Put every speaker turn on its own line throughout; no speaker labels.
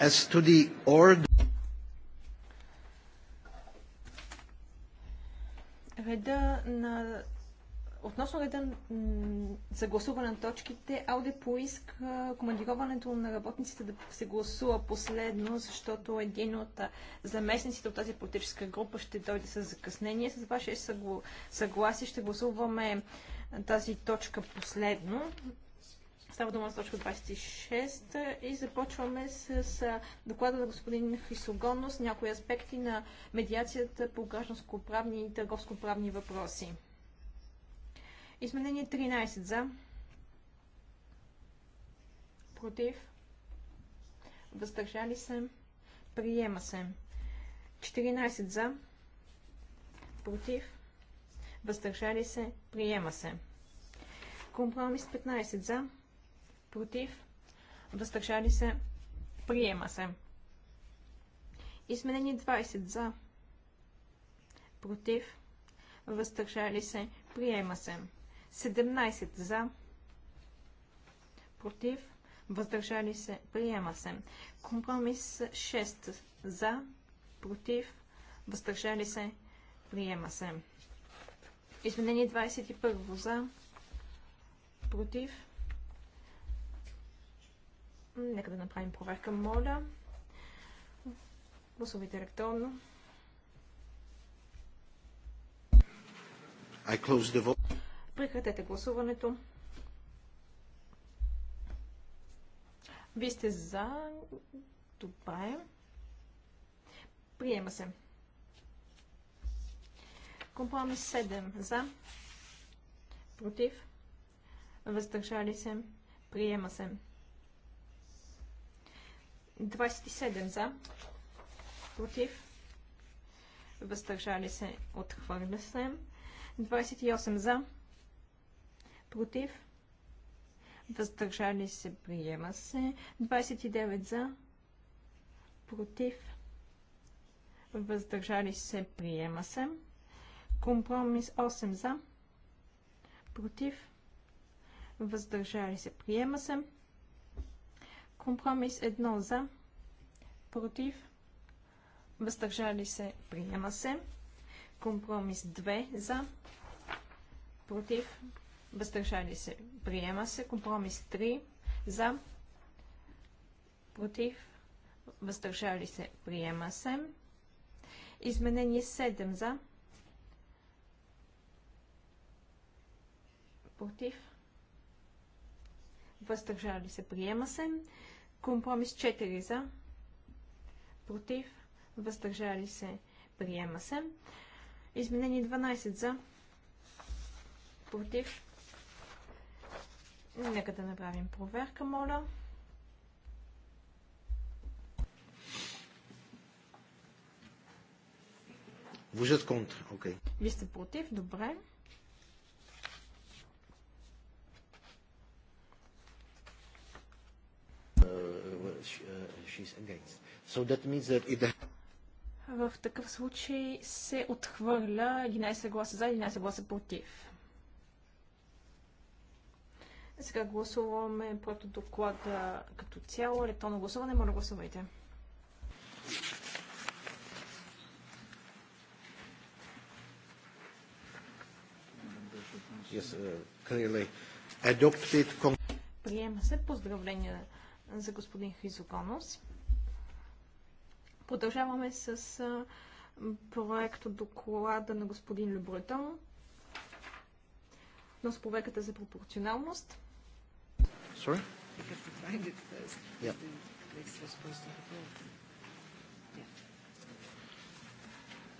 As to the order...
Реда на... Относно реда за гласуване на точките, Ауде поиска командироването на работниците да се гласува последно, защото един от заместниците от тази политическа група ще дойде с закъснение. С ваше съгласие ще гласуваме тази точка последно. Става дума за точка 26 и започваме с, с доклада на господин Хрисогонно с някои аспекти на медиацията по гражданско-правни и търговско-правни въпроси. Изменение 13 за. Против. Въздържали се. Приема се. 14 за. Против. Въздържали се. Приема се. Компромис 15 за против, въздържали се, приема се. Изменени 20 за, против, въздържали се, приема се. 17 за, против, въздържали се, приема се. Компромис 6 за, против, въздържали се, приема се. Изменени 21 за, против, Нека да направим проверка, моля. Гласувайте електронно. I close the vote. Прекратете гласуването. Вие сте за. Добре. Приема се. Компромис 7 за. Против. Въздържали се. Приема се. 27 за, против, въздържали се, отхвърля се. 28 за, против, въздържали се, приема се. 29 за, против, въздържали се, приема се. Компромис 8 за, против, въздържали се, приема се. Компромис 1 за, против, въздържали се, приема се. Компромис 2 за, против, въздържали се, приема се. Компромис 3 за, против, въздържали се, приема се. Изменение 7 за, против, въздържали се, приема се. Компромис 4 за, против, въздържали се, приема се. Изменение 12 за, против. Нека да направим проверка, моля. Vous контр, окей. Okay. Вие сте против, добре. Uh, she's against.
So that means that it...
В такъв случай се отхвърля 11 гласа за, 11 гласа против. Сега гласуваме прото доклада като цяло. Електронно гласуване, моля гласувайте.
Yes, uh,
Приема се поздравления за господин Хризогонос. Продължаваме с проект от доклада на господин Любретон. но с за пропорционалност.
Sorry?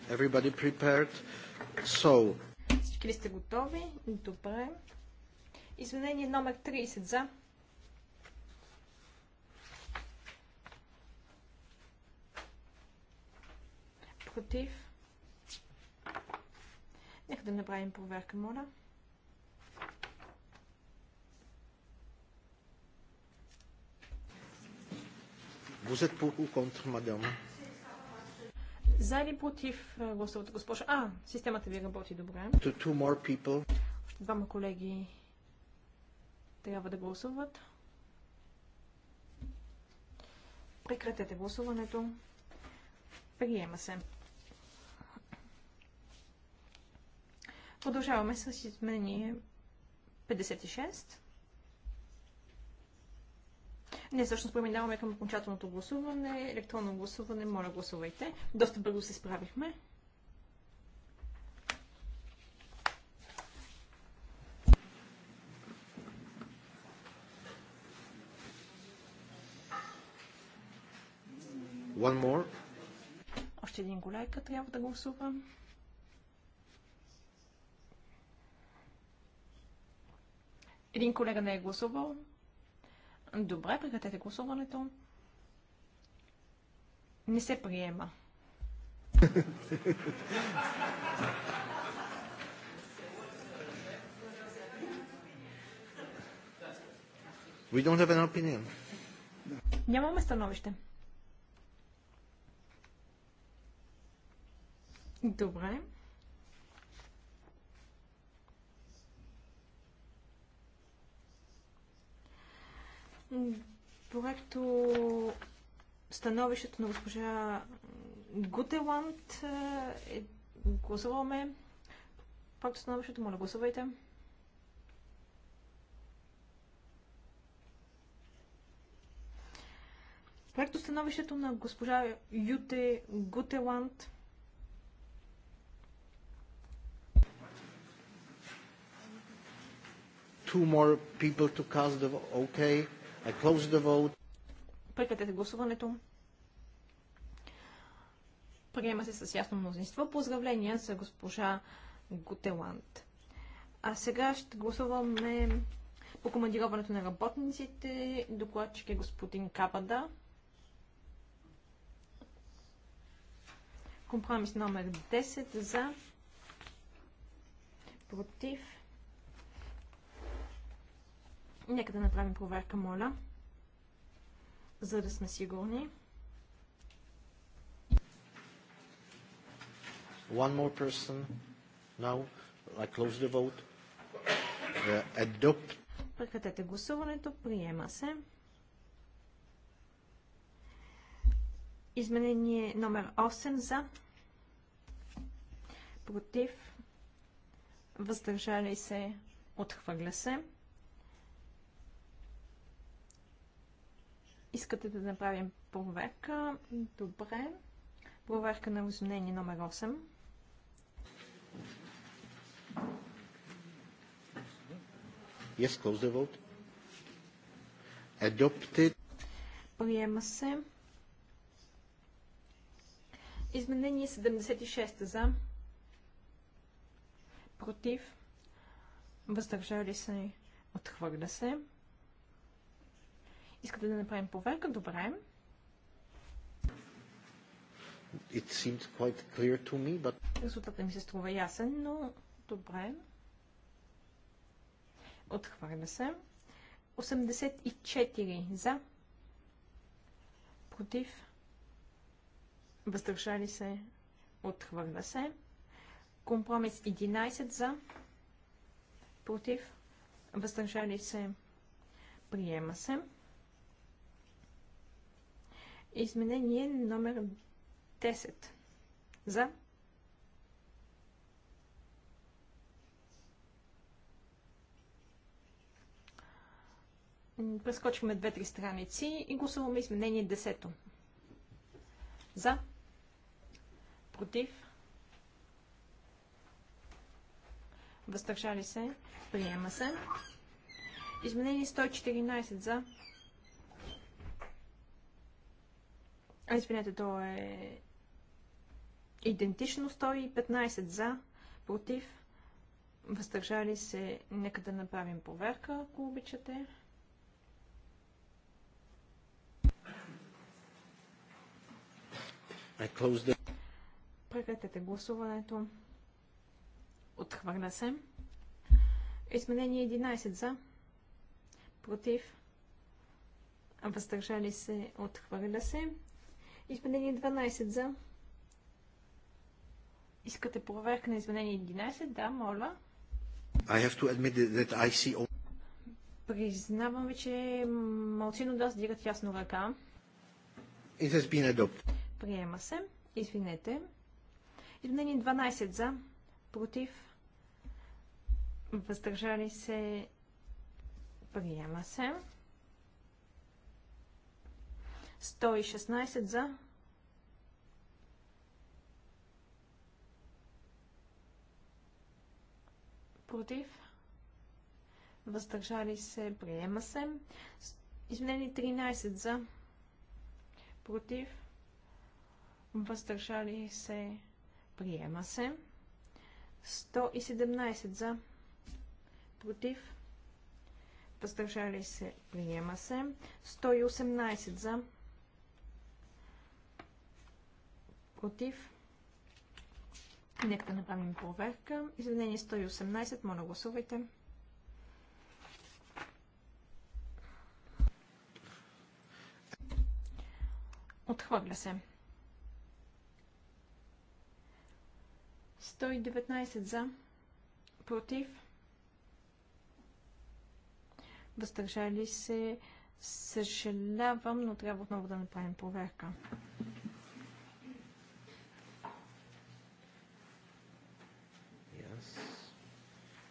Everybody prepared? So...
Всички ли сте готови? Добре. Изменение номер 30 за. против. Нека да направим проверка, моля.
Бузет êtes контр, ou
За или против гласовата госпожа? А, системата ви работи добре. To
two more people.
Още двама колеги трябва да гласуват. Прекратете гласуването. Приема се. Продължаваме с изменение 56. Не, всъщност преминаваме към окончателното гласуване, електронно гласуване, моля гласувайте. Доста бързо се справихме. One more. Още един голяйка. трябва да гласувам. Един колега не е гласувал. Добре, прекратете гласуването. Не се приема. We don't have an opinion. Нямаме становище. Добре. проекто становището на госпожа Гутеланд е, е, гласуваме проекто становището, моля гласувайте. Проекто становището на госпожа Юте Гутеланд
Two more people to cast the okay. I close the vote.
Прекратете гласуването. Приема се с ясно мнозинство. Поздравления за госпожа Гутеланд. А сега ще гласуваме по командироването на работниците. Докладчик е господин Капада. Компромис номер 10 за против Нека да направим проверка, моля, за да сме сигурни.
One more person now. I close the vote. Uh, adopt.
Прекратете гласуването. Приема се. Изменение номер 8 за. Против. Въздържали се. Отхвърля се. Искате да направим проверка? Добре. Проверка на изменение номер 8.
Yes, close the vote. Adopted.
Приема се. Изменение 76 за. Против. Въздържали се. Отхвърля се. Искате да направим проверка? Добре.
It quite clear to me, but...
Резултатът ми се струва ясен, но добре. Отхвърля се. 84 за. Против. Въздържали се. Отхвърля се. Компромис 11 за. Против. Въздържали се. Приема се. Изменение номер 10. За. Прескочваме две-три страници и гласуваме изменение 10. За. Против. Въздържали се. Приема се. Изменение 114 за. А, извинете, то е идентично 115 за, против, въздържали се. Нека да направим проверка, ако обичате.
The...
Прекратете гласуването. Отхвърля се. Изменение 11 за. Против. Въздържали се. Отхвърля се. Изменение 12 за. Искате проверка на изменение 11? Да, моля.
I have to admit that I see...
Признавам ви, че малцино да сдигат ясно ръка. It has been adopted. Приема се. Извинете. Изменение 12 за. Против. Въздържали се. Приема се. 116 за. Против. Въздържали се. Приема се. Изменени 13 за. Против. Въздържали се. Приема се. 117 за. Против. Въздържали се. Приема се. 118 за против. Нека да направим проверка. Извинение 118. Моля, гласувайте. Отхвърля се. 119 за, против, въздържали се, съжалявам, но трябва отново да направим проверка.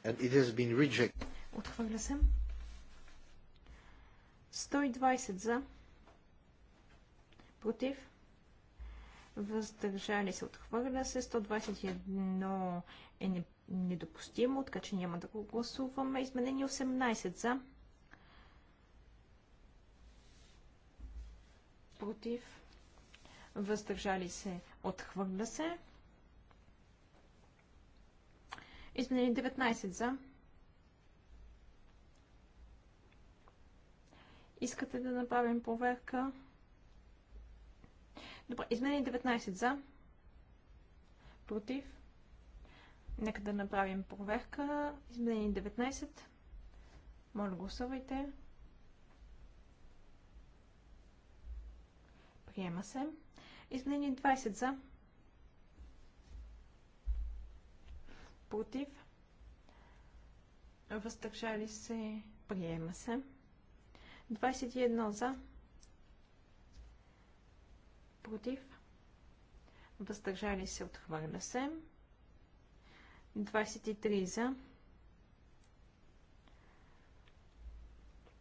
and it has been rejected.
Отхвърля се. 120 за. Против. Въздържали се. Отхвърля се. 121 е недопустимо, така че няма да го гласуваме. Изменени 18 за. Против. Въздържали се. Отхвърля се. Изменение 19 за. Искате да направим проверка? Добре, изменени 19 за. Против. Нека да направим проверка. Изменени 19. Моля, гласувайте. Приема се. Изменени 20 за. против, въздържали се, приема се. 21 за, против, въздържали се, отхвърля се. 23 за,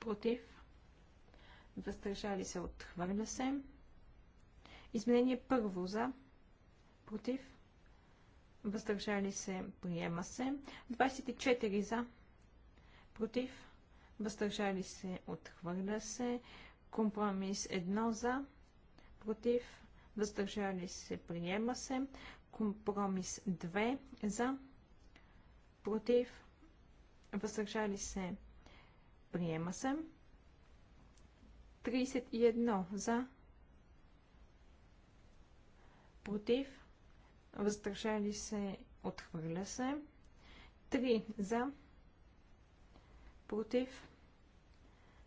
против, въздържали се, отхвърля се. Изменение първо за, против, въздържали се, приема се. 24 за, против, въздържали се, отхвърля се. Компромис 1 за, против, въздържали се, приема се. Компромис 2 за, против, въздържали се, приема се. 31 за, против, въздържали се, отхвърля се. 3 за, против,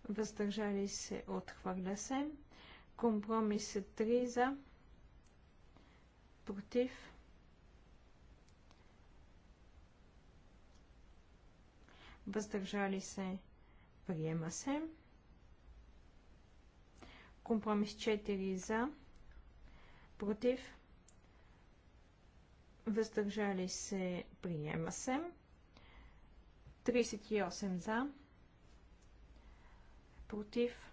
въздържали се, отхвърля се. Компромис 3 е за, против, въздържали се, приема се. Компромис 4 за, против, въздържали се, приема се. 38 за, против,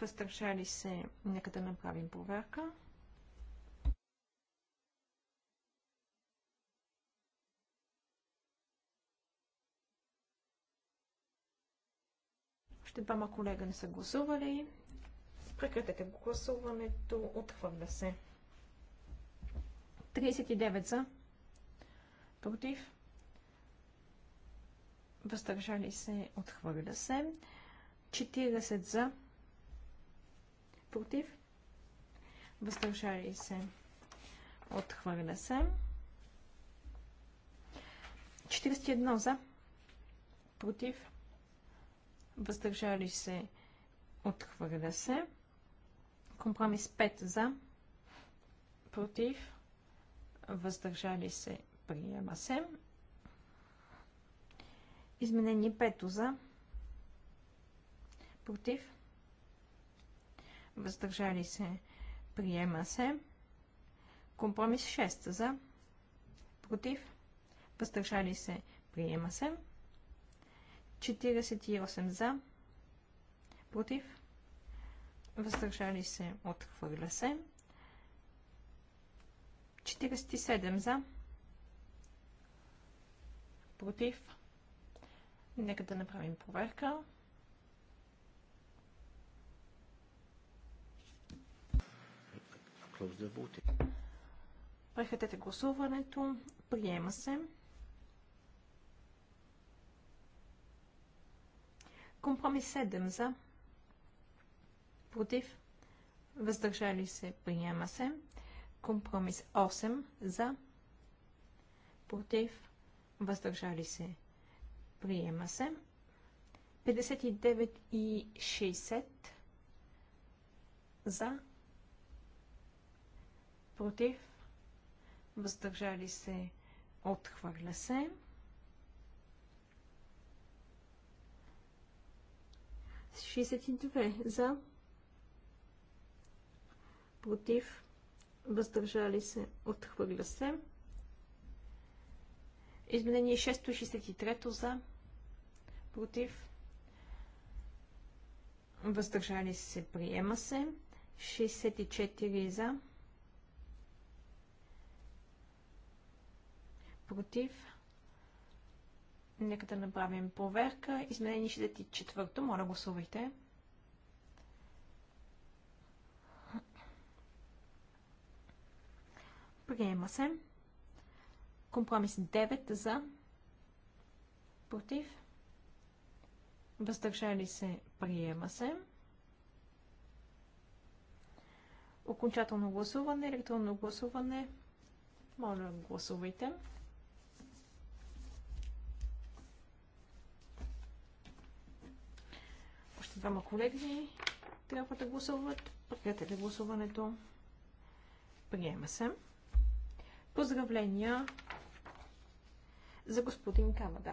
въздържали се, нека да направим проверка. Ще двама колега не са гласували. Прекратете гласуването, отхвърля се. 39 за, против, въздържали се, отхвърля се. 40 за, против, въздържали се, отхвърля се. 41 за, против, въздържали се, отхвърля се. Компромис 5 за, против, въздържали се, приема се. Изменение 5 за, против, въздържали се, приема се. Компромис 6 за, против, въздържали се, приема се. 48 за, против, въздържали се, отхвърля се. 47 за. Против. Нека да направим проверка. Прекратете гласуването. Приема се. Компромис 7 за. Против. Въздържали се. Приема се. Компромис 8 за, против, въздържали се, приема се. 59 и 60 за, против, въздържали се, отхвърля се. С 62 за, против, въздържали се, отхвърля се. Изменение 663 за, против, въздържали се, приема се. 64 за, против. Нека да направим проверка. Изменение 64. Моля, гласувайте. Приема се. Компромис 9 за. Против. Въздържали се. Приема се. Окончателно гласуване, електронно гласуване. Моля, гласувайте. Още двама колеги трябва да гласуват. Прекратете гласуването. Приема се. Поздравления за господин Камада.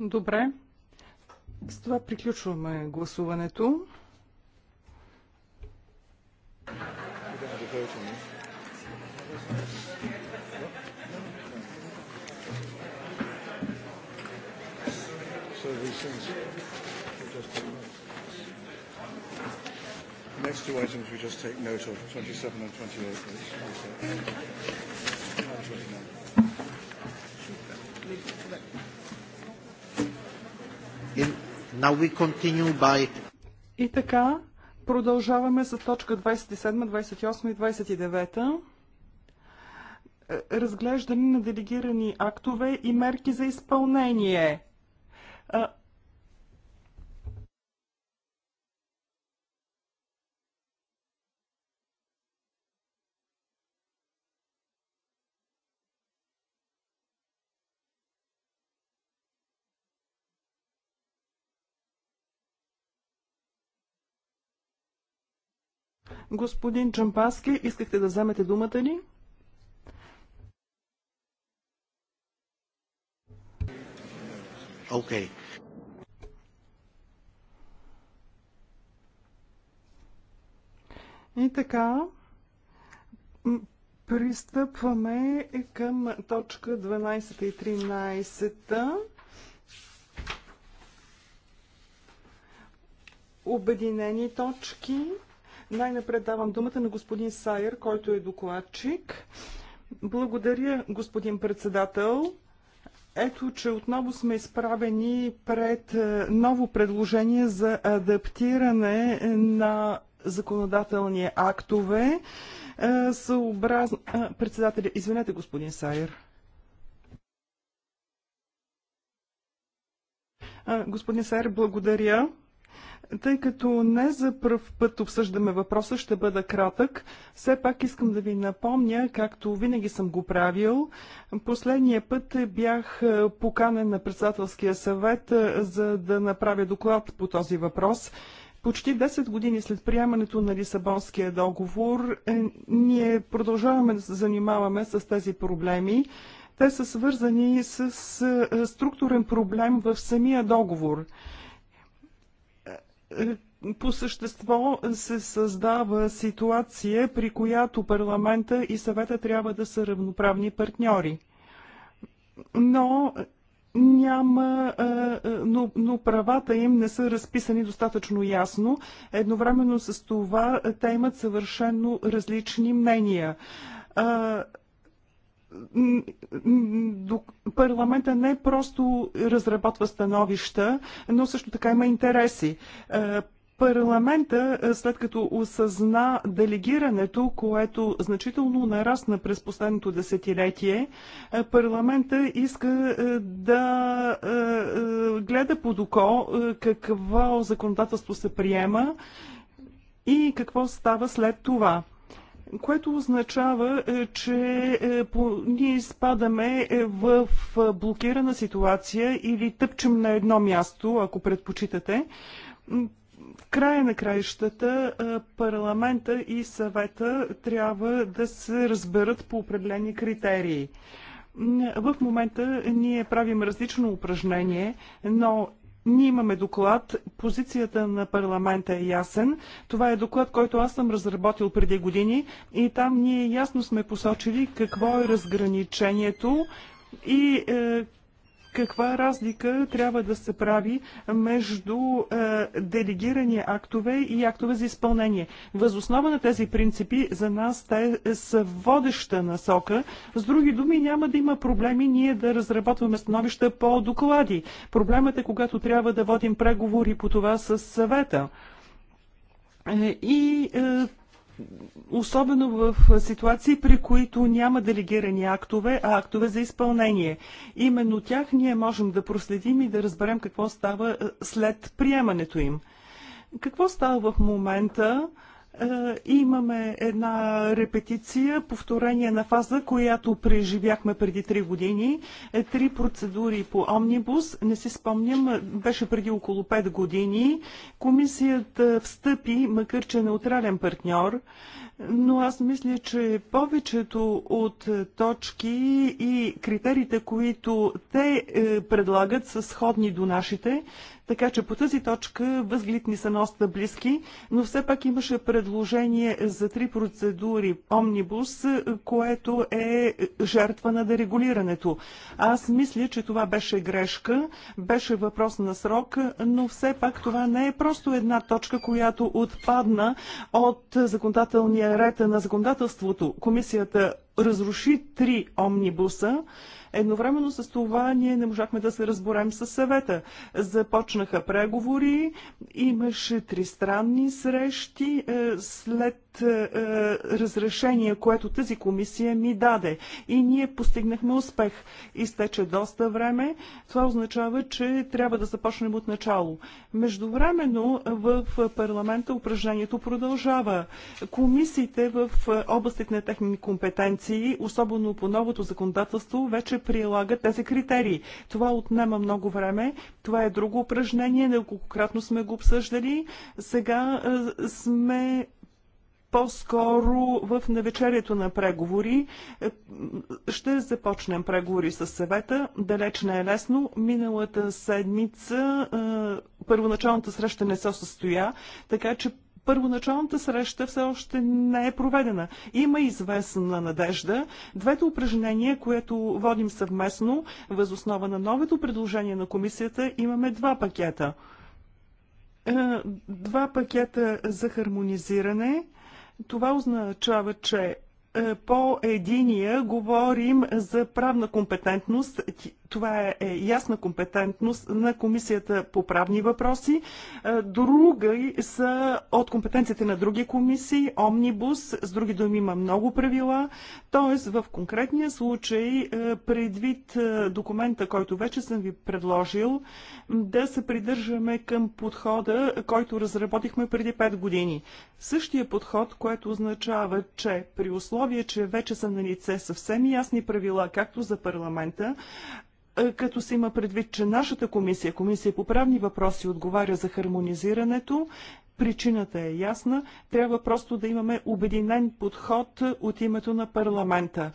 Добре. С това приключваме гласуването.
Next two items we just take note of, 27 and 28.
In, now we continue by...
И така, продължаваме с точка 27, 28 и 29 е, разглеждане на делегирани актове и мерки за изпълнение. Е, Господин Чампаски, искахте да вземете думата ли? Окей. Okay. И така, пристъпваме към точка 12 и 13. Обединени точки. Най-напред давам думата на господин Сайер, който е докладчик. Благодаря, господин председател. Ето, че отново сме изправени пред е, ново предложение за адаптиране е, на законодателни актове е, съобразно... Председателя, извинете, господин Сайер. Господин Сайер, благодаря. Тъй като не за първ път обсъждаме въпроса, ще бъда кратък. Все пак искам да ви напомня, както винаги съм го правил. Последния път бях е, поканен на председателския съвет, е, за да направя доклад по този въпрос. Почти 10 години след приемането на Лисабонския договор, е, ние продължаваме да се занимаваме с тези проблеми. Те са свързани с структурен проблем в самия договор – по същество се създава ситуация, при която парламента и съвета трябва да са равноправни партньори. Но няма, но, но правата им не са разписани достатъчно ясно. Едновременно с това те имат съвършенно различни мнения парламента не просто разработва становища, но също така има интереси. Е, парламента, е, след като осъзна делегирането, което значително нарасна през последното десетилетие, е, парламента иска да гледа под око какво законодателство се приема и какво става след това което означава, е, че е, ние спадаме е, в блокирана ситуация или тъпчем на едно място, ако предпочитате. В края на краищата парламента и съвета трябва да се разберат по определени критерии. В момента ние правим различно упражнение, но ние имаме доклад. Позицията на парламента е ясен. Това е доклад, който аз съм разработил преди години и там ние ясно сме посочили какво е разграничението и е, каква разлика трябва да се прави между е, делегирани актове и актове за изпълнение. Възоснова на тези принципи за нас те са водеща насока. С други думи, няма да има проблеми ние да разработваме становища по доклади. Проблемът е когато трябва да водим преговори по това с съвета. Е, и е, особено в ситуации, при които няма делегирани актове, а актове за изпълнение. Именно тях ние можем да проследим и да разберем какво става е, след приемането им. Какво става в момента? Е, имаме една репетиция, повторение на фаза, която преживяхме преди три години. Е, три процедури по омнибус, не си спомням, беше преди около пет години. Комисията встъпи, макар че е неутрален партньор, но аз мисля, че повечето от точки и критериите, които те е, предлагат, са сходни до нашите. Така че по тази точка възглед ни са доста близки, но все пак имаше предложение за три процедури омнибус, което е жертва на дерегулирането. Аз мисля, че това беше грешка, беше въпрос на срок, но все пак това не е просто една точка, която отпадна от законодателния ред на законодателството. Комисията разруши три омнибуса. Едновременно с това ние не можахме да се разборем с съвета. Започнаха преговори, имаше тристранни срещи е, след е, е, разрешение, което тази комисия ми даде. И ние постигнахме успех. Изтече доста време. Това означава, че трябва да започнем от начало. Междувременно в парламента упражнението продължава. Комисиите в областите на техни компетенции институции, особено по новото законодателство, вече прилагат тези критерии. Това отнема много време. Това е друго упражнение. Неколкократно сме го обсъждали. Сега е, сме по-скоро в навечерието на преговори. Е, ще започнем преговори с съвета. Далеч не е лесно. Миналата седмица е, първоначалната среща не се състоя, така че първоначалната среща все още не е проведена. Има известна надежда. Двете упражнения, което водим съвместно, възоснова на новото предложение на комисията, имаме два пакета. Е, два пакета за хармонизиране. Това означава, че е, по единия говорим за правна компетентност. Това е, е ясна компетентност на Комисията по правни въпроси. Е, други са от компетенциите на други комисии, омнибус, с други думи има много правила. Тоест в конкретния случай, предвид документа, който вече съм ви предложил, да се придържаме към подхода, който разработихме преди 5 години. Същия подход, което означава, че при условия условие, че вече са на лице съвсем ясни правила, както за парламента, е, като се има предвид, че нашата комисия, комисия по правни въпроси, отговаря за хармонизирането, Причината е ясна. Трябва просто да имаме обединен подход от името на парламента.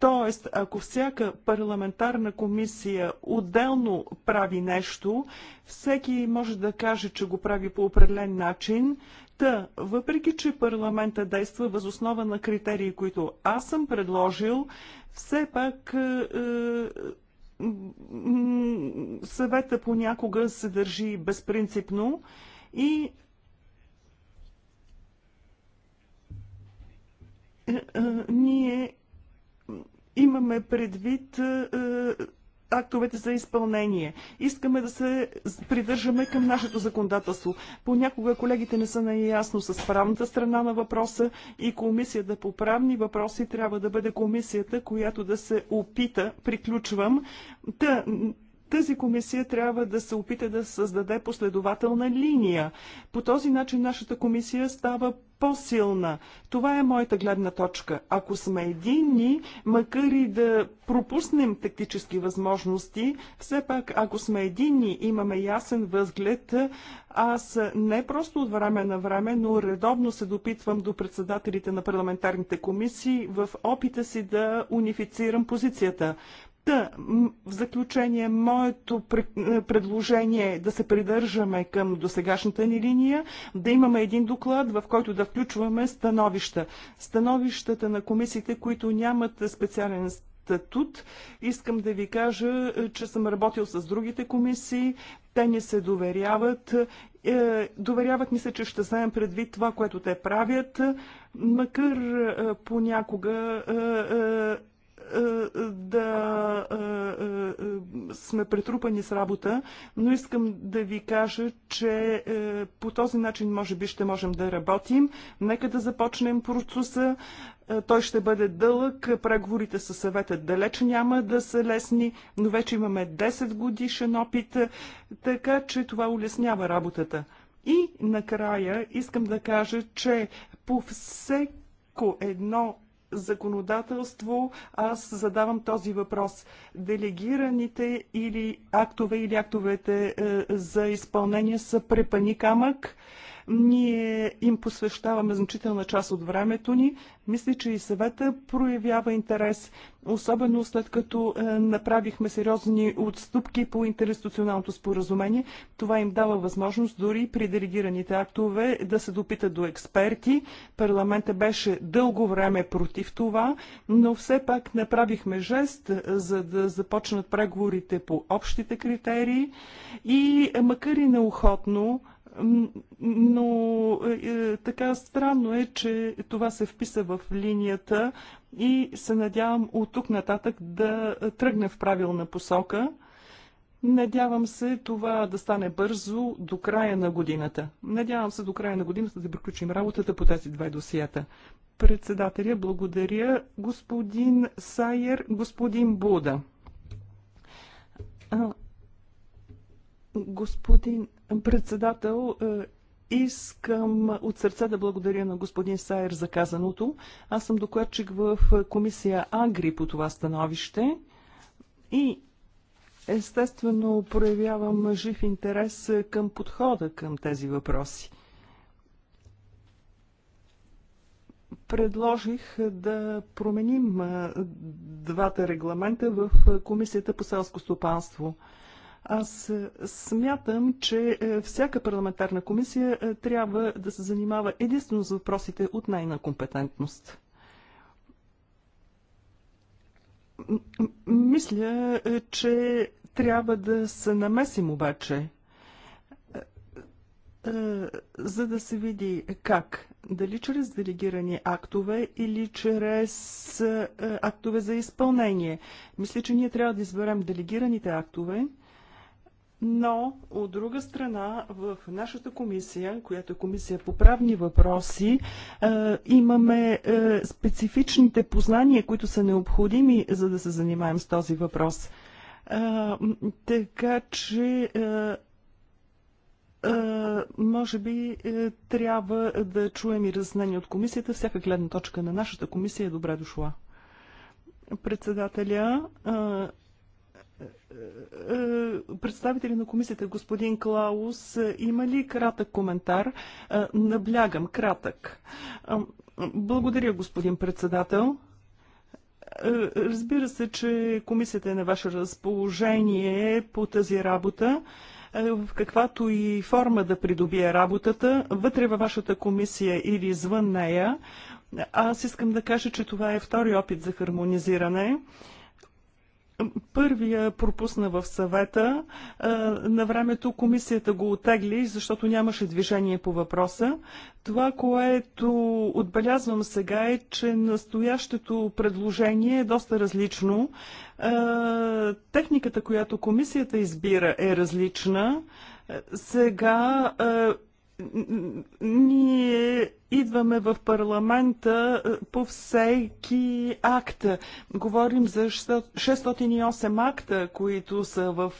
Тоест, ако всяка парламентарна комисия отделно прави нещо, всеки може да каже, че го прави по определен начин, Та, въпреки, че парламента действа възоснова на критерии, които аз съм предложил, все пак е, е съвета понякога се държи безпринципно и е, е, ние имаме предвид актовете за изпълнение. Искаме да се придържаме към нашето законодателство. Понякога колегите не са наясно с правната страна на въпроса и комисията по правни въпроси трябва да бъде комисията, която да се опита, приключвам, да тази комисия трябва да се опита да създаде последователна линия. По този начин нашата комисия става по-силна. Това е моята гледна точка. Ако сме единни, макар и да пропуснем тактически възможности, все пак, ако сме единни, имаме ясен възглед. Аз не просто от време на време, но редовно се допитвам до председателите на парламентарните комисии в опита си да унифицирам позицията. Та, в заключение, моето е, предложение е да се придържаме към досегашната ни линия, да имаме един доклад, в който да включваме становища. Становищата на комисиите, които нямат специален статут. Искам да ви кажа, е, че съм работил с другите комисии. Те ни се доверяват. Е, доверяват ми се, че ще вземем предвид това, което те правят, макар понякога е, е, да е, сме претрупани с работа, но искам да ви кажа, че по този начин може би ще можем да работим. Нека да започнем процеса. Той ще бъде дълъг, преговорите със съвета далеч няма да са лесни, но вече имаме 10 годишен опит, така че това улеснява работата. И накрая искам да кажа, че по всеки всяко едно законодателство аз задавам този въпрос. Делегираните или актове или актовете е, за изпълнение са препани камък. Ние им посвещаваме значителна част от времето ни. Мисля, че и съвета проявява интерес, особено след като е, направихме сериозни отстъпки по интерституционалното споразумение. Това им дава възможност дори при делегираните актове да се допитат до експерти. Парламентът беше дълго време против това, но все пак направихме жест, е, за да започнат преговорите по общите критерии и е, макар и неохотно, но е, е, така странно е, че това се вписа в линията и се надявам от тук нататък да тръгне в правилна посока. Надявам се това да стане бързо до края на годината. Надявам се до края на годината да приключим работата по тези два досията. Председателя, благодаря господин Сайер, господин Буда. Господин Председател, е, Искам от сърце да благодаря на господин Сайер за казаното. Аз съм докладчик в комисия Агри по това становище и естествено проявявам жив интерес към подхода към тези въпроси. Предложих да променим е, двата регламента в Комисията по селско стопанство – аз е, смятам, че е, всяка парламентарна комисия е, трябва да се занимава единствено с въпросите от най-на компетентност. Мисля, че трябва да се намесим обаче, за да се види как. Дали чрез делегирани актове или чрез актове за изпълнение. Мисля, че ние трябва да изберем делегираните актове но, от друга страна, в нашата комисия, която е комисия по правни въпроси, е, имаме е, специфичните познания, които са необходими, за да се занимаем с този въпрос. Е, така че може би трябва да чуем и разнение от комисията. Всяка гледна точка на нашата комисия е добре дошла. Председателя, представители на комисията, господин Клаус, има ли кратък коментар? Наблягам, кратък. Благодаря, господин председател. Разбира се, че комисията е на ваше разположение по тази работа в каквато и форма да придобие работата, вътре във вашата комисия или извън нея. Аз искам да кажа, че това е втори опит за хармонизиране. Първия пропусна в съвета. На времето комисията го отегли, защото нямаше движение по въпроса. Това, което отбелязвам сега е, че настоящето предложение е доста различно. Техниката, която комисията избира е различна. Сега ние идваме в парламента е, по всеки акт. Говорим за 608 акта, които са в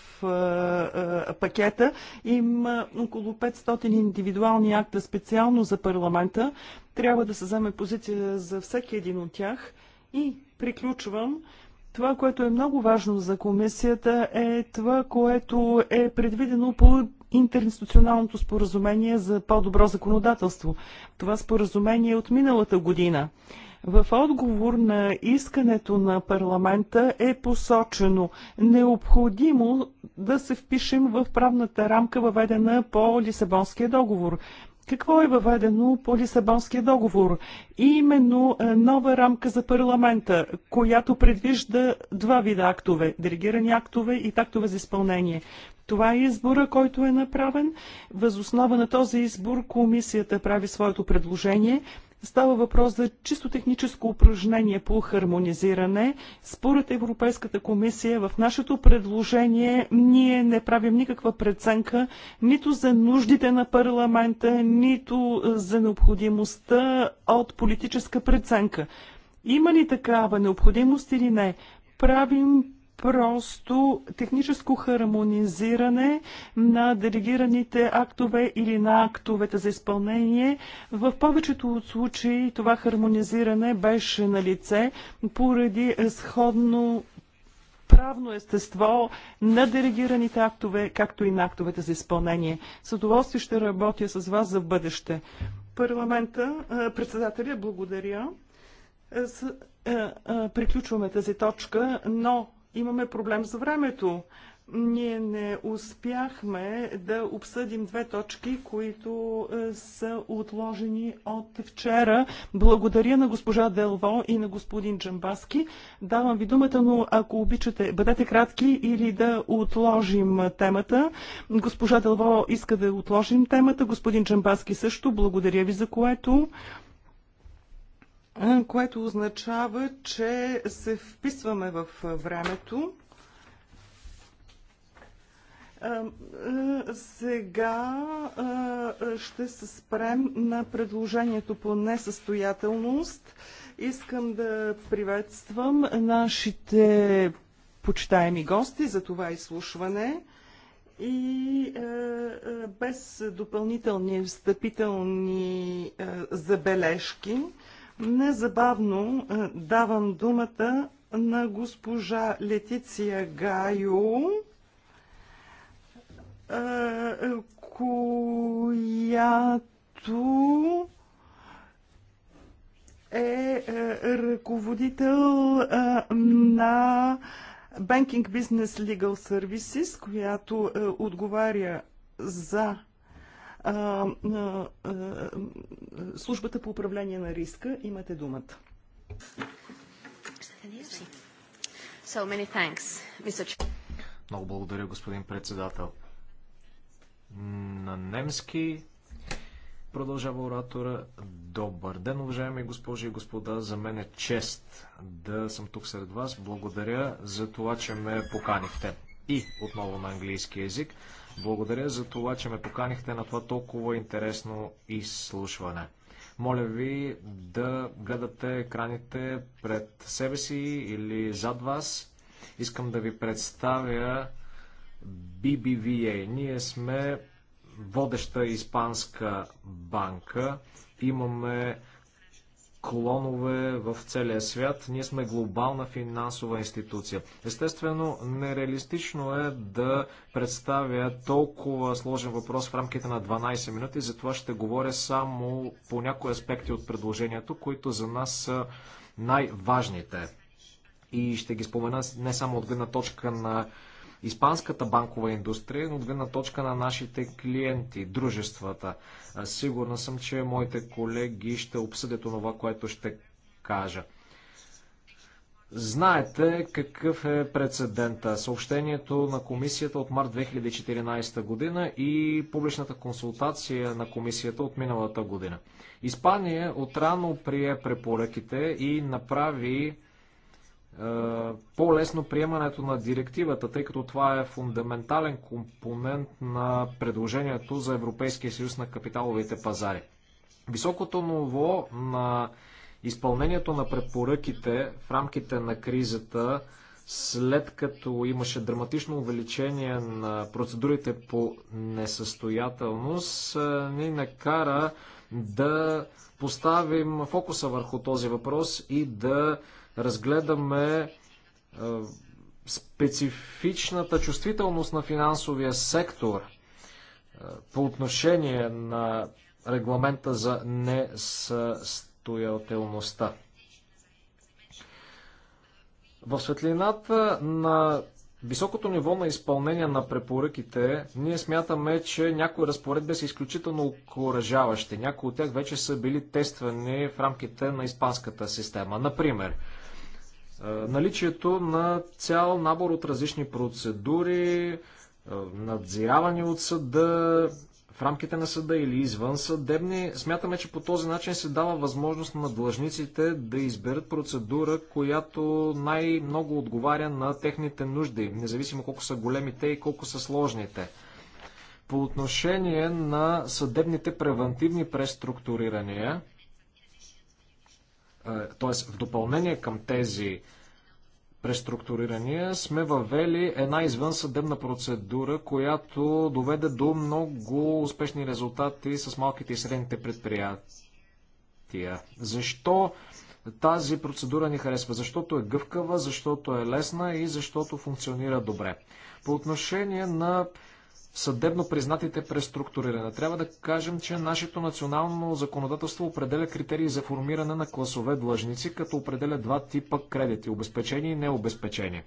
е, е, пакета. Има около 500 индивидуални акта специално за парламента. Трябва да се вземе позиция за всеки един от тях. И приключвам. Това, което е много важно за комисията, е това, което е предвидено по интернационалното споразумение за по-добро законодателство. Това споразумение е от миналата година. В отговор на искането на парламента е посочено необходимо да се впишем в правната рамка, въведена по Лисабонския договор. Какво е въведено по Лисабонския договор? И именно е, нова рамка за парламента, която предвижда два вида актове – делегирани актове и тактове за изпълнение. Това е избора, който е направен. Възоснова на този избор комисията прави своето предложение. Става въпрос за чисто техническо упражнение по хармонизиране. Според Европейската комисия в нашето предложение ние не правим никаква преценка нито за нуждите на парламента, нито за необходимостта от политическа преценка. Има ли такава необходимост или не? Правим просто техническо хармонизиране на делегираните актове или на актовете за изпълнение. В повечето от случаи това хармонизиране беше на лице поради сходно правно естество на делегираните актове, както и на актовете за изпълнение. С удоволствие ще работя с вас за бъдеще. Парламента, председателя, благодаря. приключваме тази точка, но имаме проблем с времето. Ние не успяхме да обсъдим две точки, които е, са отложени от вчера. Благодаря на госпожа Делво и на господин Джамбаски. Давам ви думата, но ако обичате, бъдете кратки или да отложим темата. Госпожа Делво иска да отложим темата, господин Джамбаски също. Благодаря ви за което което означава, че се вписваме в времето. Сега ще се спрем на предложението по несъстоятелност. Искам да приветствам нашите почитаеми гости за това изслушване. И без допълнителни встъпителни забележки, Незабавно е, давам думата на госпожа Летиция Гайо, е, която е, е ръководител на Banking Business Legal Services, която отговаря за а, а, а, службата по управление на риска. Имате думата.
So many thanks,
Много благодаря, господин председател. На немски продължава оратора. Добър ден, уважаеми госпожи и господа. За мен е чест да съм тук сред вас. Благодаря за това, че ме поканихте. И отново на английски язик. Благодаря за това, че ме поканихте на това толкова интересно изслушване. Моля ви да гледате екраните пред себе си или зад вас. Искам да ви представя BBVA. Ние сме водеща испанска банка. Имаме клонове в целия свят. Ние сме глобална финансова институция. Естествено, нереалистично е да представя толкова сложен въпрос в рамките на 12 минути, затова ще говоря само по някои аспекти от предложението, които за нас са най-важните. И ще ги спомена не само от гледна точка на испанската банкова индустрия, но от гледна точка на нашите клиенти, дружествата. Сигурна съм, че моите колеги ще обсъдят онова, което ще кажа. Знаете какъв е прецедента. Съобщението на комисията от март 2014 година и публичната консултация на комисията от миналата година. Испания отрано прие препоръките и направи е, по-лесно приемането на директивата, тъй като това е фундаментален компонент на предложението за Европейския съюз на капиталовите пазари. Високото ново на изпълнението на препоръките в рамките на кризата, след като имаше драматично увеличение на процедурите по несъстоятелност, е, ни накара да поставим фокуса върху този въпрос и да разгледаме е, специфичната чувствителност на финансовия сектор е, по отношение на регламента за несъстоятелността. В светлината на високото ниво на изпълнение на препоръките, ние смятаме, че някои разпоредби са изключително окоръжаващи. Някои от тях вече са били тествани в рамките на испанската система. Например, е, наличието на цял набор от различни процедури, е, надзиравани от съда, в рамките на съда или извън съдебни. Смятаме, че по този начин се дава възможност на длъжниците да изберат процедура, която най-много отговаря на техните нужди, независимо колко са големите и колко са сложните. По отношение на съдебните превентивни преструктурирания, т.е. в допълнение към тези преструктурирания, сме въвели една извънсъдебна процедура, която доведе до много успешни резултати с малките и средните предприятия. Защо тази процедура ни харесва? Защото е гъвкава, защото е лесна и защото функционира добре. По отношение на съдебно признатите преструктуриране. Трябва да кажем, че нашето национално законодателство определя критерии за формиране на класове длъжници, като определя два типа кредити – обезпечени и необезпечени.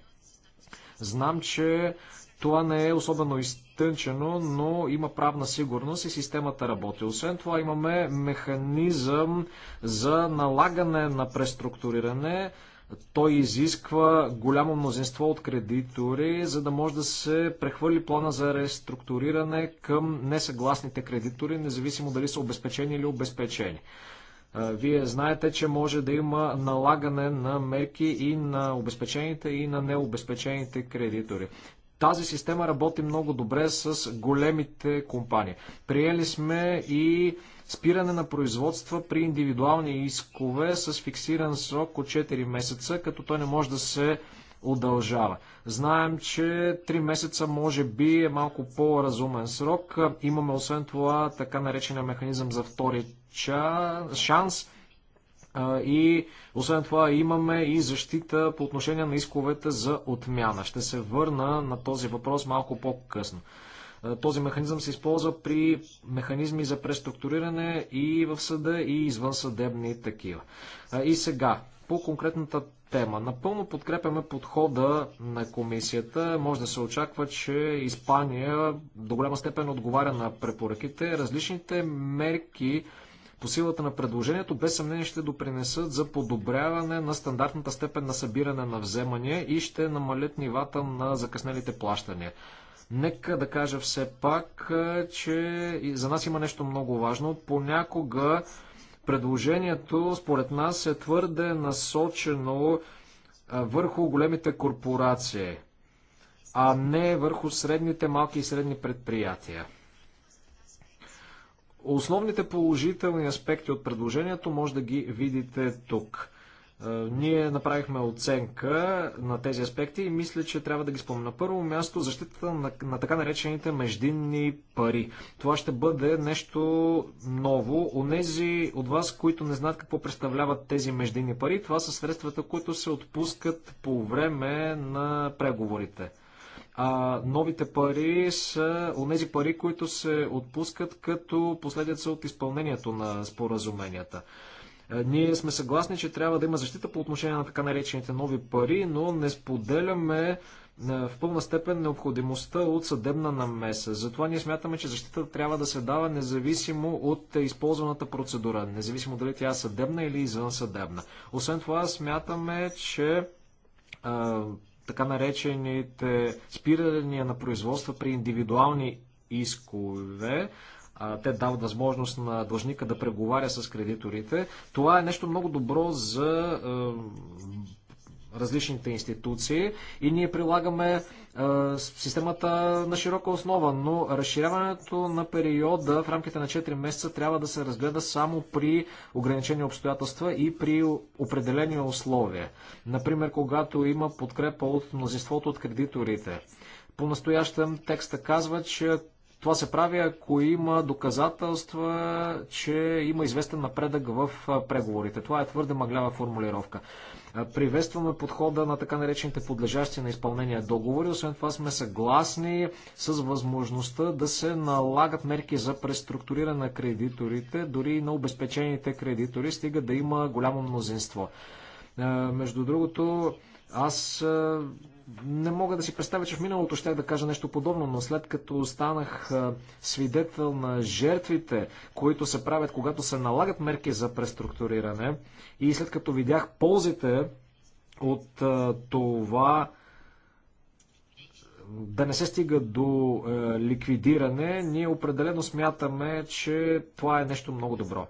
Знам, че това не е особено изтънчено, но има правна сигурност и системата работи. Освен това имаме механизъм за налагане на преструктуриране, той изисква голямо мнозинство от кредитори, за да може да се прехвърли плана за реструктуриране към несъгласните кредитори, независимо дали са обезпечени или обезпечени. Вие знаете, че може да има налагане на мерки и на обезпечените и на необезпечените кредитори. Тази система работи много добре с големите компании. Приели сме и спиране на производства при индивидуални искове с фиксиран срок от 4 месеца, като той не може да се удължава. Знаем, че 3 месеца може би е малко по-разумен срок. Имаме освен това така наречения механизъм за втори ча... шанс. И освен това имаме и защита по отношение на исковете за отмяна. Ще се върна на този въпрос малко по-късно. Е, този механизъм се използва при механизми за преструктуриране и в съда, и извън съдебни такива. Е, и сега, по конкретната тема. Напълно подкрепяме подхода на комисията. Може да се очаква, че Испания до голяма степен отговаря на препоръките. Различните мерки по силата на предложението без съмнение ще допринесат за подобряване на стандартната степен на събиране на вземания и ще намалят нивата на закъснелите плащания. Нека да кажа все пак, че за нас има нещо много важно. Понякога предложението, според нас, е твърде насочено върху големите корпорации, а не върху средните, малки и средни предприятия. Основните положителни аспекти от предложението може да ги видите тук. Е, ние направихме оценка на тези аспекти и мисля, че трябва да ги спомня. На първо място защитата на, на така наречените междинни пари. Това ще бъде нещо ново. Онези от вас, които не знаят какво представляват тези междинни пари, това са средствата, които се отпускат по време на преговорите. А новите пари са онези пари, които се отпускат като последица от изпълнението на споразуменията. Е, ние сме съгласни, че трябва да има защита по отношение на така наречените нови пари, но не споделяме е, в пълна степен необходимостта от съдебна намеса. Затова ние смятаме, че защитата трябва да се дава независимо от използваната процедура, независимо дали тя е съдебна или извънсъдебна. Освен това смятаме, че а, е, така наречените спирания на производства при индивидуални искове те дават възможност на длъжника да преговаря с кредиторите. Това е нещо много добро за е, различните институции и ние прилагаме е, системата на широка основа, но разширяването на периода в рамките на 4 месеца трябва да се разгледа само при ограничени обстоятелства и при определени условия. Например, когато има подкрепа от мнозинството от кредиторите. По-настоящем текста казва, че това се прави, ако има доказателства, че има известен напредък в преговорите. Това е твърде мъглява формулировка. Приветстваме подхода на така наречените подлежащи на изпълнение договори. Освен това сме съгласни с възможността да се налагат мерки за преструктуриране на кредиторите, дори и на обезпечените кредитори, стига да има голямо мнозинство. Между другото, аз не мога да си представя, че в миналото ще да кажа нещо подобно, но след като станах свидетел на жертвите, които се правят, когато се налагат мерки за преструктуриране, и след като видях ползите от това да не се стига до ликвидиране, ние определено смятаме, че това е нещо много добро.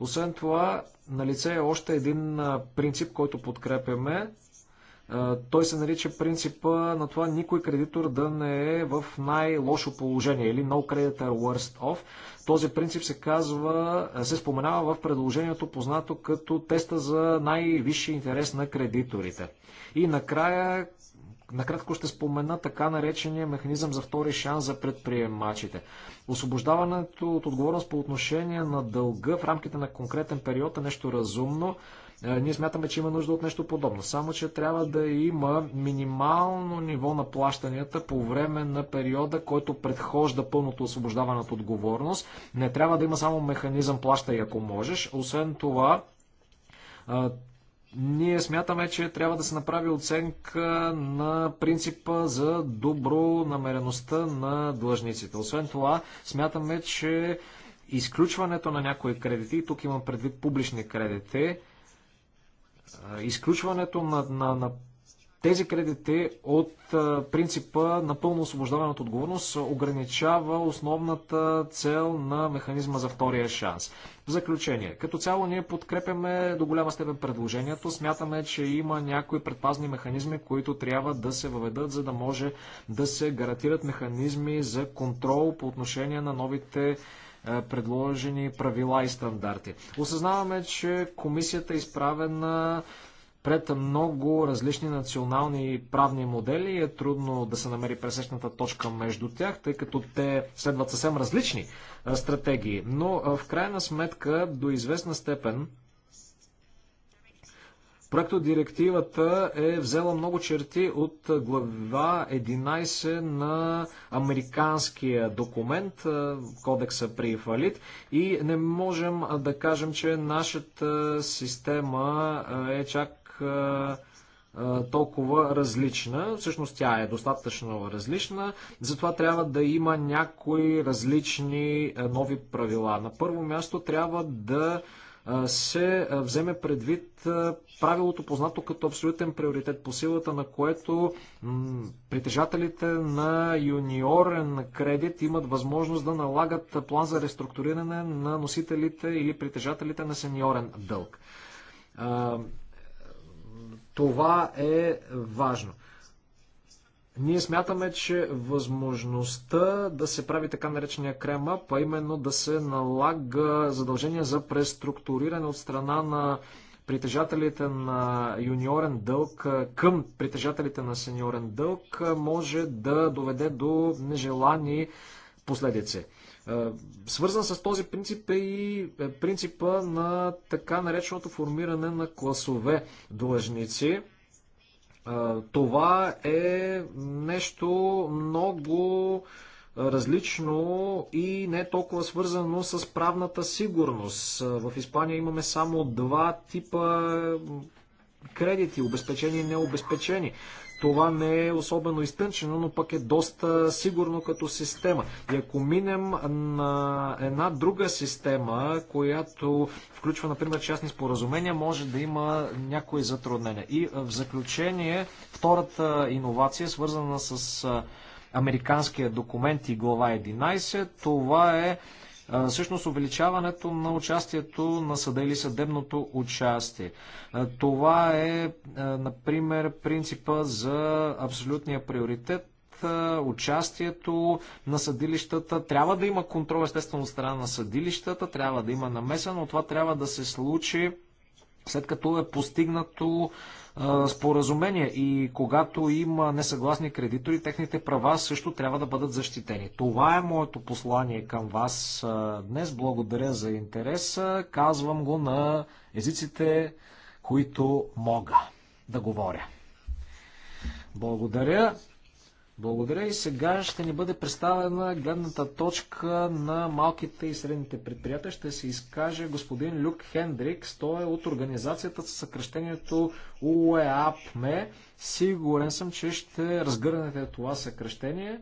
Освен това, на лице е още един принцип, който подкрепяме той се нарича принципа на това никой кредитор да не е в най-лошо положение или no creditor worst off. Този принцип се казва, се споменава в предложението познато като теста за най-висши интерес на кредиторите. И накрая Накратко ще спомена така наречения механизъм за втори шанс за предприемачите. Освобождаването от отговорност по отношение на дълга в рамките на конкретен период е нещо разумно. Е, ние смятаме, че има нужда от нещо подобно. Само, че трябва да има минимално ниво на плащанията по време на периода, който предхожда пълното освобождаване от отговорност. Не трябва да има само механизъм плащай, ако можеш. Освен това, ние смятаме, че трябва да се направи оценка на принципа за добро намереността на длъжниците. Освен това, смятаме, че изключването на някои кредити, тук имам предвид публични кредити, изключването на, на, на тези кредити от принципа на пълно освобождаване от отговорност ограничава основната цел на механизма за втория шанс. В заключение, като цяло ние подкрепяме до голяма степен предложението. Смятаме, че има някои предпазни механизми, които трябва да се въведат, за да може да се гарантират механизми за контрол по отношение на новите е, предложени правила и стандарти. Осъзнаваме, че комисията е изправена пред много различни национални правни модели и е трудно да се намери пресечната точка между тях, тъй като те следват съвсем различни е, стратегии. Но е, в крайна сметка до известна степен Проектодирективата е взела много черти от глава 11 на американския документ, кодекса при фалит и не можем да кажем, че нашата система е чак толкова различна. Всъщност тя е достатъчно различна, затова трябва да има някои различни нови правила. На първо място трябва да се вземе предвид правилото познато като абсолютен приоритет, по силата на което притежателите на юниорен кредит имат възможност да налагат план за реструктуриране на носителите или притежателите на сеньорен дълг. Това е важно. Ние смятаме, че възможността да се прави така наречения крема, а именно да се налага задължение за преструктуриране от страна на притежателите на юниорен дълг към притежателите на сеньорен дълг, може да доведе до нежелани последици. Е, свързан с този принцип е и е, принципа на така нареченото формиране на класове длъжници. Това е нещо много различно и не толкова свързано с правната сигурност. В Испания имаме само два типа кредити, обезпечени и необезпечени. Това не е особено изтънчено, но пък е доста сигурно като система. И ако минем на една друга система, която включва, например, частни споразумения, може да има някои затруднения. И в заключение, втората иновация, свързана с американския документ и глава 11, това е всъщност увеличаването на участието на съда или съдебното участие. Това е, например, принципа за абсолютния приоритет участието на съдилищата. Трябва да има контрол, естествено, от страна на съдилищата, трябва да има намеса, но това трябва да се случи след като е постигнато споразумение и когато има несъгласни кредитори, техните права също трябва да бъдат защитени. Това е моето послание към вас днес. Благодаря за интереса. Казвам го на езиците, които мога да говоря. Благодаря. Благодаря и сега ще ни бъде представена гледната точка на малките и средните предприятия. Ще се изкаже господин Люк Хендрикс. Той е от организацията с съкръщението УЕАПМЕ. Сигурен съм, че ще разгърнете това съкръщение.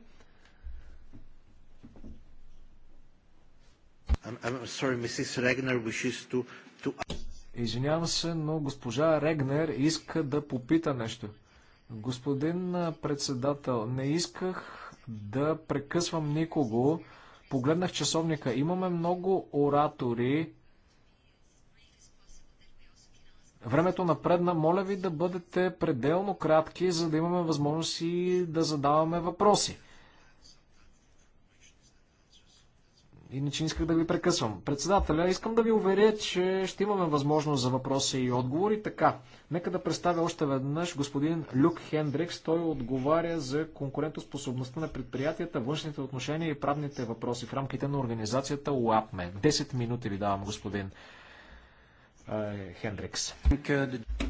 Извинявам се, но госпожа Регнер иска да попита нещо. Господин председател, не исках да прекъсвам никого. Погледнах часовника. Имаме много оратори. Времето напредна. Моля ви да бъдете пределно кратки, за да имаме възможност и да задаваме въпроси. Иначе не исках да ви прекъсвам. Председателя, искам да ви уверя, че ще имаме възможност за въпроси и отговори. Така, нека да представя още веднъж господин Люк Хендрикс. Той отговаря за конкурентоспособността на предприятията, външните отношения и правните въпроси в рамките на организацията УАПМЕ. 10 минути ви давам, господин е, Хендрикс.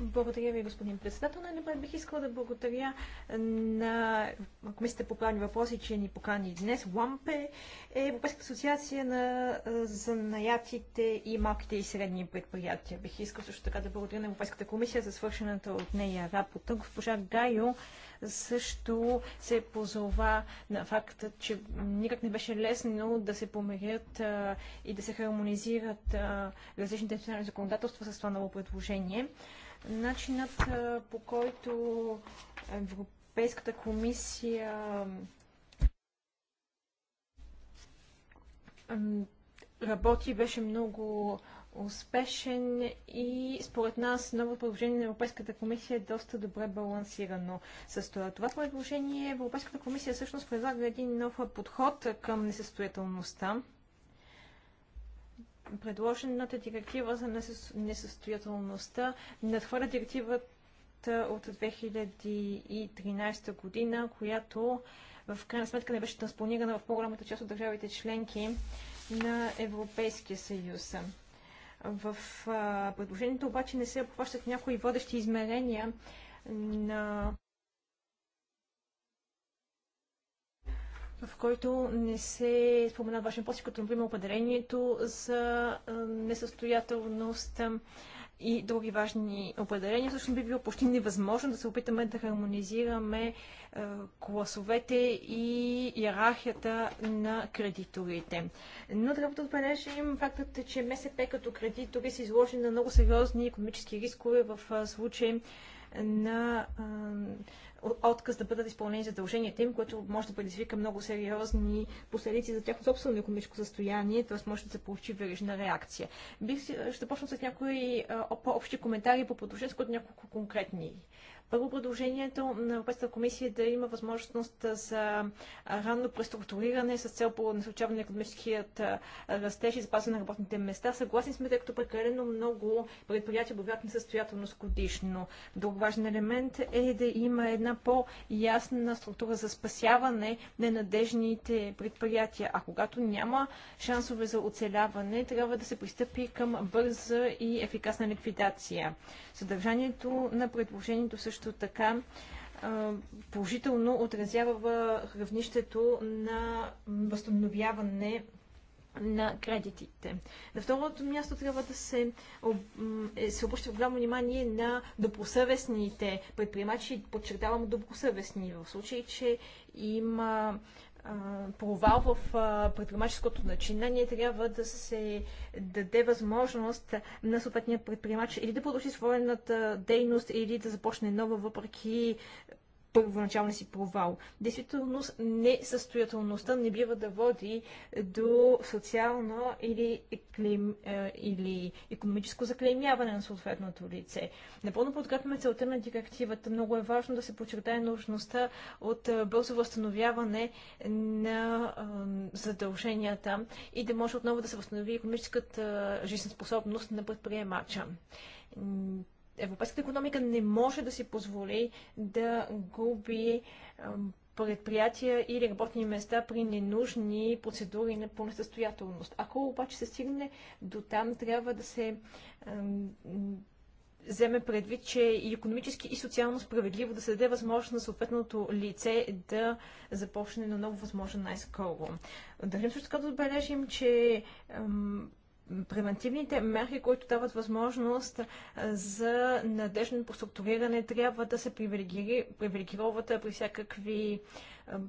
Благодаря ви, господин председател. Най-напред бих искала да благодаря на Комисията по правни въпроси, че ни покани днес. ЛАМПЕ е Европейската асоциация на занаятите и малките и средни предприятия. Бих искал също така да благодаря на Европейската комисия за свършената от нея работа. Госпожа Гайо също се позова на факта, че никак не беше лесно да се помирят а, и да се хармонизират а, различните национални законодателства с това ново предложение. Начинът а, по който Европейската комисия работи беше много успешен и според нас ново предложение на Европейската комисия е доста добре балансирано с това. Това предложение Европейската комисия всъщност предлага един нов подход към несъстоятелността. Предложената директива за несъстоятелността надхвърля директивата от 2013 година, която в крайна сметка не беше транспонирана в по-голямата част от държавите членки на Европейския съюз. В предложението обаче не се обхващат някои водещи измерения на в който не се спомена важен пост, като например определението за несъстоятелност, и други важни определения, всъщност би било почти невъзможно да се опитаме да хармонизираме е, класовете и иерархията на кредиторите. Но трябва да отбележим фактът, че МСП като кредитори са изложени на много сериозни економически рискове в е, случай на е, отказ да бъдат изпълнени задълженията им, което може да предизвика много сериозни последици за тяхното собствено економическо състояние, т.е. може да се получи верижна реакция. Бих ще почна с някои по-общи коментари по подложение, с които няколко конкретни първо предложението на Европейската комисия е да има възможност за ранно преструктуриране с цел по насочаване на економическият растеж и запазване на работните места. Съгласни сме, тъй като прекалено много предприятия обявяват несъстоятелност годишно. Друг важен елемент е да има една по-ясна структура за спасяване на надежните предприятия. А когато няма шансове за оцеляване, трябва да се пристъпи към бърза и ефикасна ликвидация. Съдържанието на предложението също също така положително отразява равнището на възстановяване на кредитите. На второто място трябва да се, е, се обръща голямо внимание на добросъвестните предприемачи, подчертавам добросъвестни, в случай, че има провал в предприемаческото начинание, трябва да се даде възможност на съответния предприемач или да продължи своената дейност, или да започне нова, въпреки първоначалния си провал. Действителност, несъстоятелността не бива да води до социално или, еклим, е, или економическо заклеймяване на съответното лице. Напълно подкрепяме целта на директивата. Много е важно да се подчертае нужността от е, бързо възстановяване на е, задълженията и да може отново да се възстанови економическата жизнеспособност на предприемача европейската економика не може да си позволи да губи предприятия или работни места при ненужни процедури на по Ако обаче се стигне до там, трябва да се вземе предвид, че и економически и социално справедливо да се даде възможност на съответното лице да започне на ново възможно най-скоро. Държим също така да отбележим, че превентивните мерки, които дават възможност за надежно проструктуриране, трябва да се привилегироват при всякакви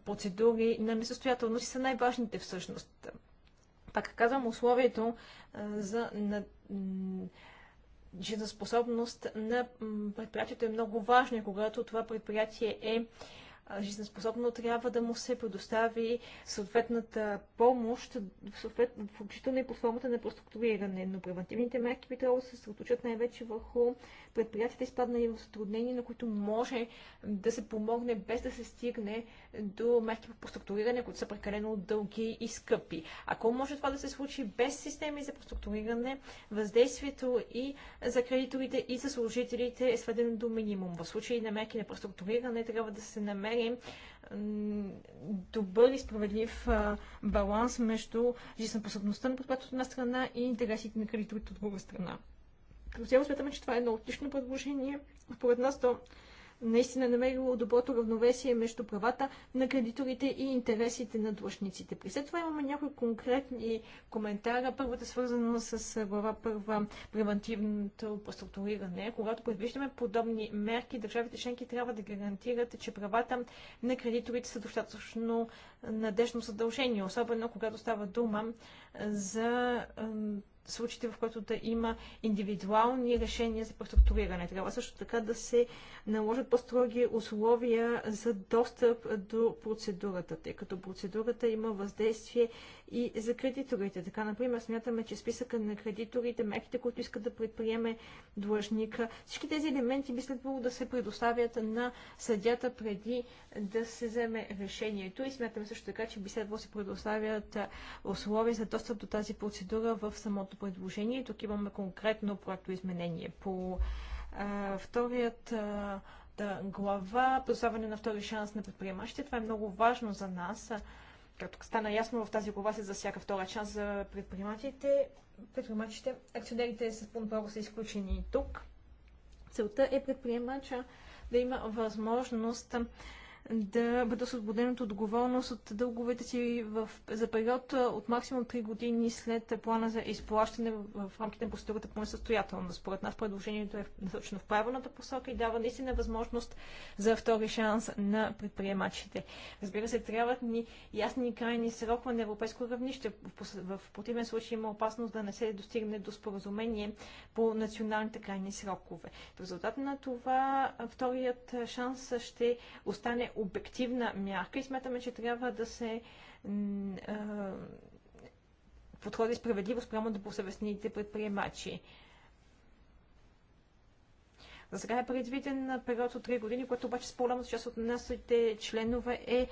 процедури на несъстоятелност и са най-важните всъщност. Пак казвам, условието за жизнеспособност на предприятието е много важно когато това предприятие е жизнеспособно, трябва да му се предостави съответната помощ, включително и под формата на проструктуриране, Но превентивните мерки би трябвало да се съсредоточат най-вече върху предприятията изпаднали в затруднения, на които може да се помогне без да се стигне до мерки по структуриране, които са прекалено дълги и скъпи. Ако може това да се случи без системи за проструктуриране, въздействието и за кредиторите и за служителите е сведено до минимум. В случай на мерки на проструктуриране, трябва да се намерим добър и справедлив баланс между жизнеспособността на предприятието от една страна и интересите на кредиторите от друга страна. Като цяло смятаме, че това е едно отлично предложение. Според нас то наистина е намерило доброто равновесие между правата на кредиторите и интересите на длъжниците. При след това имаме някои конкретни коментара. Първата е свързана с глава първа превентивното преструктуриране. Когато предвиждаме подобни мерки, държавите членки трябва да гарантират, че правата на кредиторите са достатъчно надежно задължени, особено когато става дума за случаите, в които да има индивидуални решения за преструктуриране. Трябва също така да се наложат по-строги условия за достъп до процедурата, тъй като процедурата има въздействие и за кредиторите. Така, например, смятаме, че списъка на кредиторите, мерките, които искат да предприеме длъжника, всички тези елементи би следвало да се предоставят на съдята преди да се вземе решението. И смятаме също така, че би следвало да се предоставят условия за достъп до тази процедура в самото предложение. тук имаме конкретно проекто изменение. По а, вторият а, глава, предоставяне на втори шанс на предприемащите Това е много важно за нас както стана ясно, в тази глава се засяга втора част за предприемачите. Предприемачите, акционерите с пълно право са изключени тук. Целта е предприемача да има възможност да бъде освободен от отговорност от дълговете си в, за период от максимум 3 години след плана за изплащане в, в рамките на процедурата по несъстоятелност. Според нас предложението е насочено в правилната посока и дава наистина възможност за втори шанс на предприемачите. Разбира се, трябват ни ясни крайни срокове на европейско равнище. В, в противен случай има опасност да не се достигне до споразумение по националните крайни срокове. В резултат на това вторият шанс ще остане обективна мярка и смятаме, че трябва да се подходи справедливо спрямо добросъвестните предприемачи. За сега е предвиден период от 3 години, което обаче с по-голямата част от нашите членове е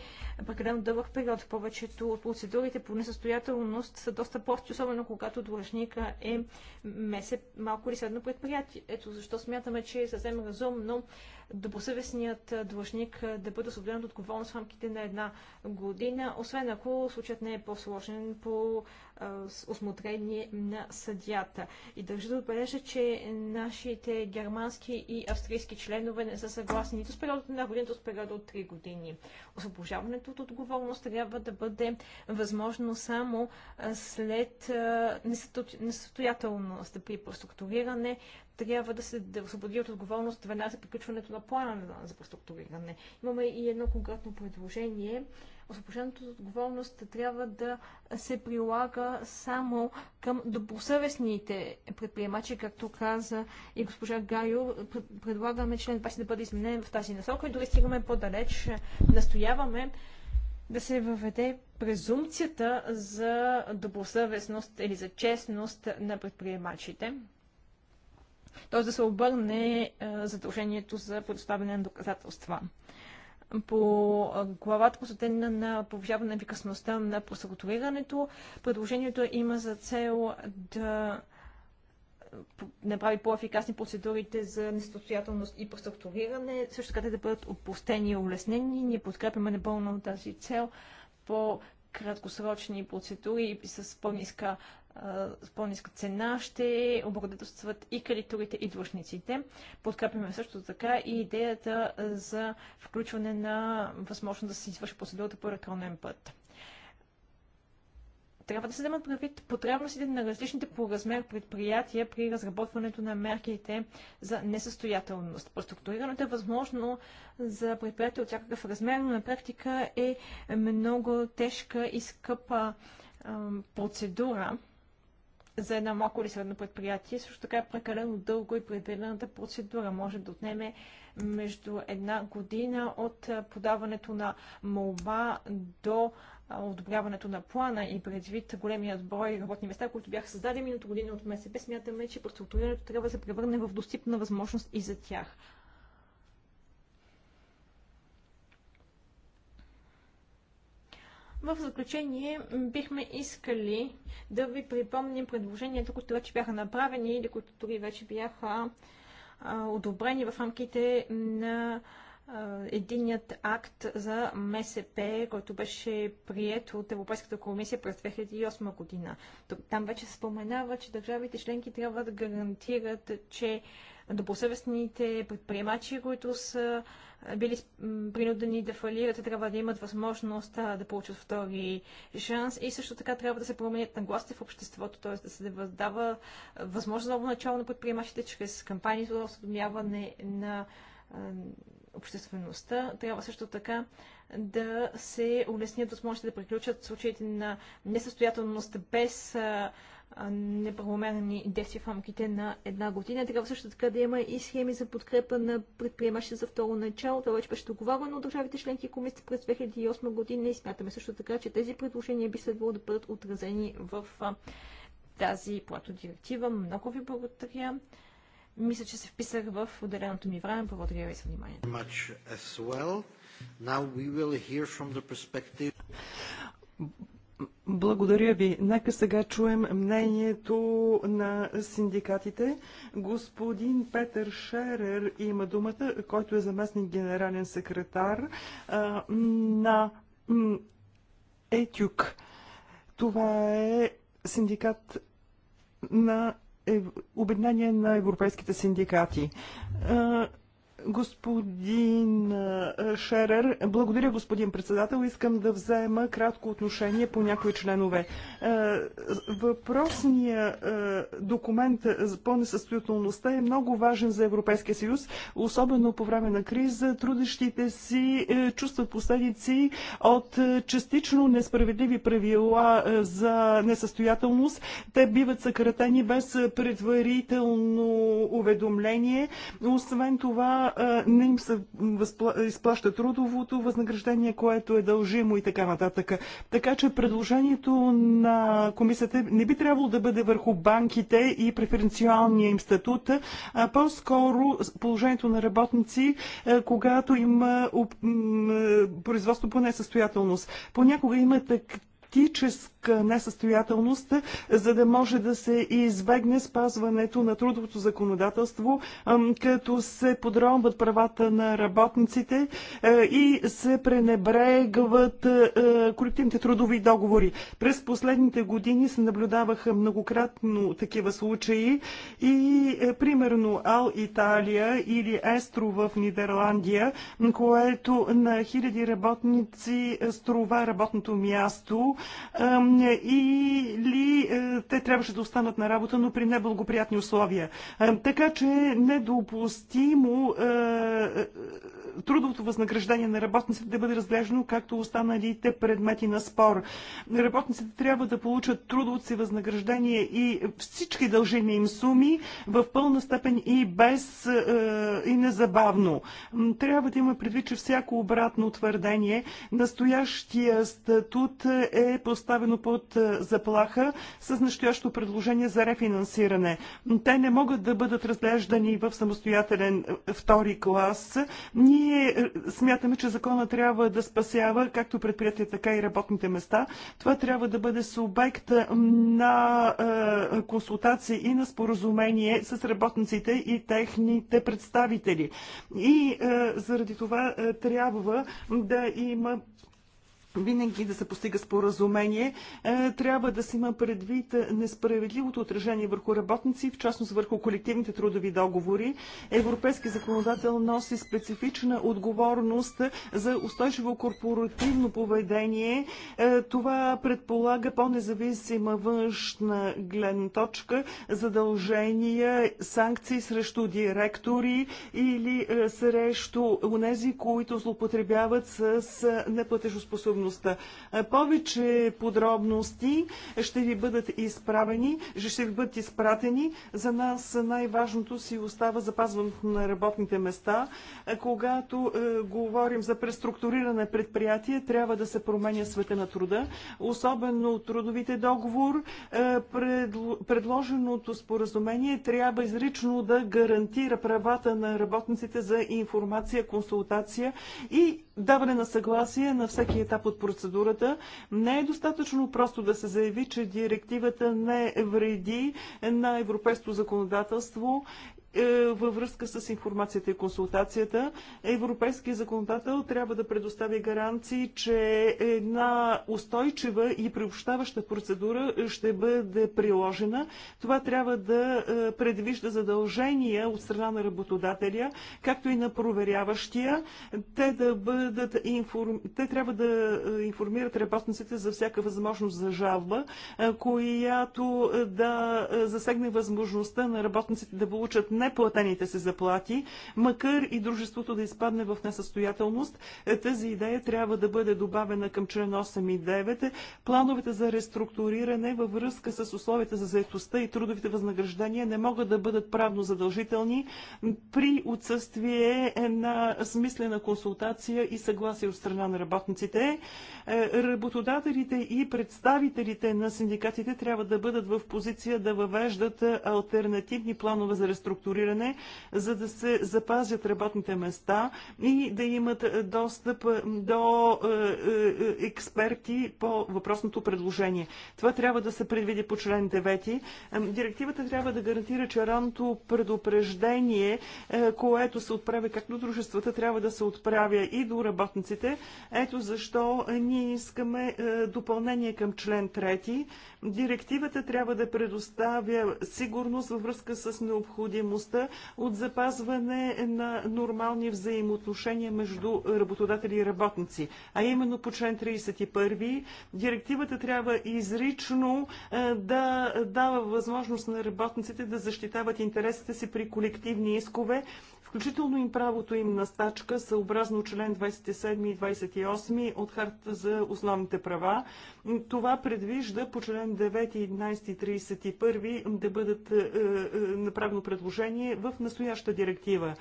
прекалено дълъг период. Повечето от процедурите по несъстоятелност са доста прости, особено когато длъжника е месе малко или средно предприятие. Ето защо смятаме, че е съвсем разумно добросъвестният длъжник да бъде освободен от отговорност в рамките на една година, освен ако случаят не е по-сложен по с осмотрение на съдята. И държа да отбележа, че нашите германски и австрийски членове не са съгласни нито с период от една година, нито с период от три години. Освобождаването от отговорност трябва да бъде възможно само след несъстоятелност при структуриране, трябва да се да освободи от отговорност веднага за приключването на плана за проструктуриране. Имаме и едно конкретно предложение освобождането от отговорност трябва да се прилага само към добросъвестните предприемачи, както каза и госпожа Гайо. Предлагаме член 20 да бъде изменен в тази насока и дори стигаме по-далеч. Настояваме да се въведе презумпцията за добросъвестност или за честност на предприемачите. Т.е. да се обърне е, задължението за предоставяне на доказателства по главата посветена на повишаване на ефикасността на преструктурирането. Предложението има за цел да направи по-ефикасни процедурите за несъстоятелност и преструктуриране, също така да бъдат опустени и улеснени. Ние подкрепяме напълно тази цел по краткосрочни процедури и с по-ниска с по-ниска цена ще облагодетелстват и кредиторите, и длъжниците. Подкрепяме също така и идеята за включване на възможност да се извърши процедурата по електронен път. Трябва да се вземат предвид потребностите на различните по размер предприятия при разработването на мерките за несъстоятелност. Преструктурирането е възможно за предприятия от всякакъв размер, но на практика е много тежка и скъпа процедура за едно малко или средно предприятие. Също така е прекалено дълго и предвидената процедура може да отнеме между една година от подаването на молба до одобряването на плана и предвид големият брой работни места, които бяха създадени миналата година от МСБ, смятаме, че преструктурирането трябва да се превърне в достъпна възможност и за тях. В заключение бихме искали да ви припомним предложенията, които вече бяха направени или които дори вече бяха а, одобрени в рамките на единият акт за МСП, който беше прият от Европейската комисия през 2008 година. Там вече се споменава, че държавите членки трябва да гарантират, че добросъвестните предприемачи, които са били принудени да фалират, трябва да имат възможност да получат втори шанс и също така трябва да се променят нагласите в обществото, т.е. да се въздава възможност ново начало на предприемачите чрез кампании за осъдомяване на обществеността. Трябва също така да се улеснят възможности да приключат случаите на несъстоятелност без неправомерни действия в рамките на една година. Трябва също така да има и схеми за подкрепа на предприемачите за второ начало. Това вече беше договорено от държавите членки и през 2008 година и смятаме също така, че тези предложения би следвало да бъдат отразени в тази плато директива. Много ви благодаря. Мисля, че се вписах в отделеното ми време. Благодаря ви за вниманието.
Благодаря ви. Нека сега чуем мнението на синдикатите. Господин Петър Шерер има думата, който е заместник генерален секретар а, на ЕТЮК. Това е синдикат на е, е, Обединение на европейските синдикати. Е, Господин Шерер, благодаря господин председател. Искам да взема кратко отношение по някои членове. Въпросният документ по несъстоятелността е много важен за Европейския съюз, особено по време на криза. Трудещите си е, чувстват последици от е, частично несправедливи правила е, за несъстоятелност. Те биват съкратени без предварително уведомление. Освен това, не им се изплаща трудовото възнаграждение, което е дължимо и така нататък. Така че предложението на комисията не би трябвало да бъде върху банките и преференциалния им статут, а по-скоро положението на работници, когато има производство по несъстоятелност. Понякога има тактическа несъстоятелност, за да може да се избегне спазването на трудовото законодателство, като се подробват правата на работниците е, и се пренебрегват е, колективните трудови договори. През последните години се наблюдаваха многократно такива случаи и е, примерно Ал Италия или Естро в Нидерландия, което на хиляди работници струва работното място, или е, те трябваше да останат на работа, но при неблагоприятни условия. Е, така че недопустимо е, трудовото възнаграждение на работниците да бъде разглеждано както останалите предмети на спор. Работниците трябва да получат трудовото си възнаграждение и всички дължими им суми в пълна степен и без е, и незабавно. Трябва да има предвид, че всяко обратно твърдение настоящия статут е поставено под е, заплаха с настоящо предложение за рефинансиране. Те не могат да бъдат разглеждани в самостоятелен е, втори клас. Ние ние е, смятаме, че закона трябва да спасява както предприятия, така и работните места. Това трябва да бъде субект на е, консултации и на споразумение с работниците и техните представители. И е, заради това трябва да има винаги да се постига споразумение, е, трябва да се има предвид несправедливото отражение върху работници, в частност върху колективните трудови договори. Европейски законодател носи специфична отговорност за устойчиво корпоративно поведение. Е, това предполага по-независима външна гледна точка, задължения, санкции срещу директори или е, срещу унези, които злоупотребяват с неплатежоспособност сигурността. Е, повече подробности ще ви бъдат изправени, ще ви бъдат изпратени. За нас най-важното си остава запазването на работните места. Е, когато е, говорим за преструктуриране предприятие, трябва да се променя света на труда, особено трудовите договор. предложеното споразумение трябва изрично да гарантира правата на работниците за информация, консултация и даване на съгласие на всеки етап от процедурата. Не е достатъчно просто да се заяви, че директивата не вреди на европейското законодателство е, във връзка с информацията и консултацията. Европейският законодател трябва да предостави гаранции, че една устойчива и приобщаваща процедура ще бъде приложена. Това трябва да е, предвижда задължения от страна на работодателя, както и на проверяващия. Те, да бъдат информ... Те трябва да е, информират работниците за всяка възможност за жалба, която да засегне възможността на работниците да получат не неплатените се заплати, макар и дружеството да изпадне в несъстоятелност. Е, тази идея трябва да бъде добавена към член 8 и 9. Плановете за реструктуриране във връзка с условията за заетостта и трудовите възнаграждения не могат да бъдат правно задължителни при отсъствие на смислена консултация и съгласие от страна на работниците. Е, работодателите и представителите на синдикатите трябва да бъдат в позиция да въвеждат е, альтернативни планове за реструктуриране преструктуриране, за да се запазят работните места и да имат е, достъп е, до е, експерти по въпросното предложение. Това трябва да се предвиди по член 9. Директивата трябва да гарантира, че ранното предупреждение, което се отправя както до дружествата, трябва да се отправя и до работниците. Ето защо ние искаме допълнение към член 3. Директивата трябва да предоставя сигурност във връзка с необходимост необходимостта от запазване на нормални взаимоотношения между работодатели и работници. А именно по член 31 директивата трябва изрично е, да дава възможност на работниците да защитават интересите си при колективни искове, включително им правото им на стачка, съобразно член 27 и 28 от Харта за основните права, това предвижда по член 9, 11 и 31 да бъдат е, е, направено предложение в настояща директива.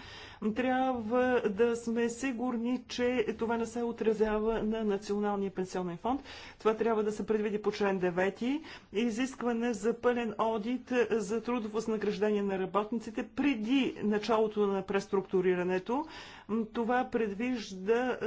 Трябва да сме сигурни, че това не се отразява на Националния пенсионен фонд. Това трябва да се предвиди по член 9. Изискване за пълен одит за трудово възнаграждение на работниците преди началото на преструктурирането. Това предвижда е,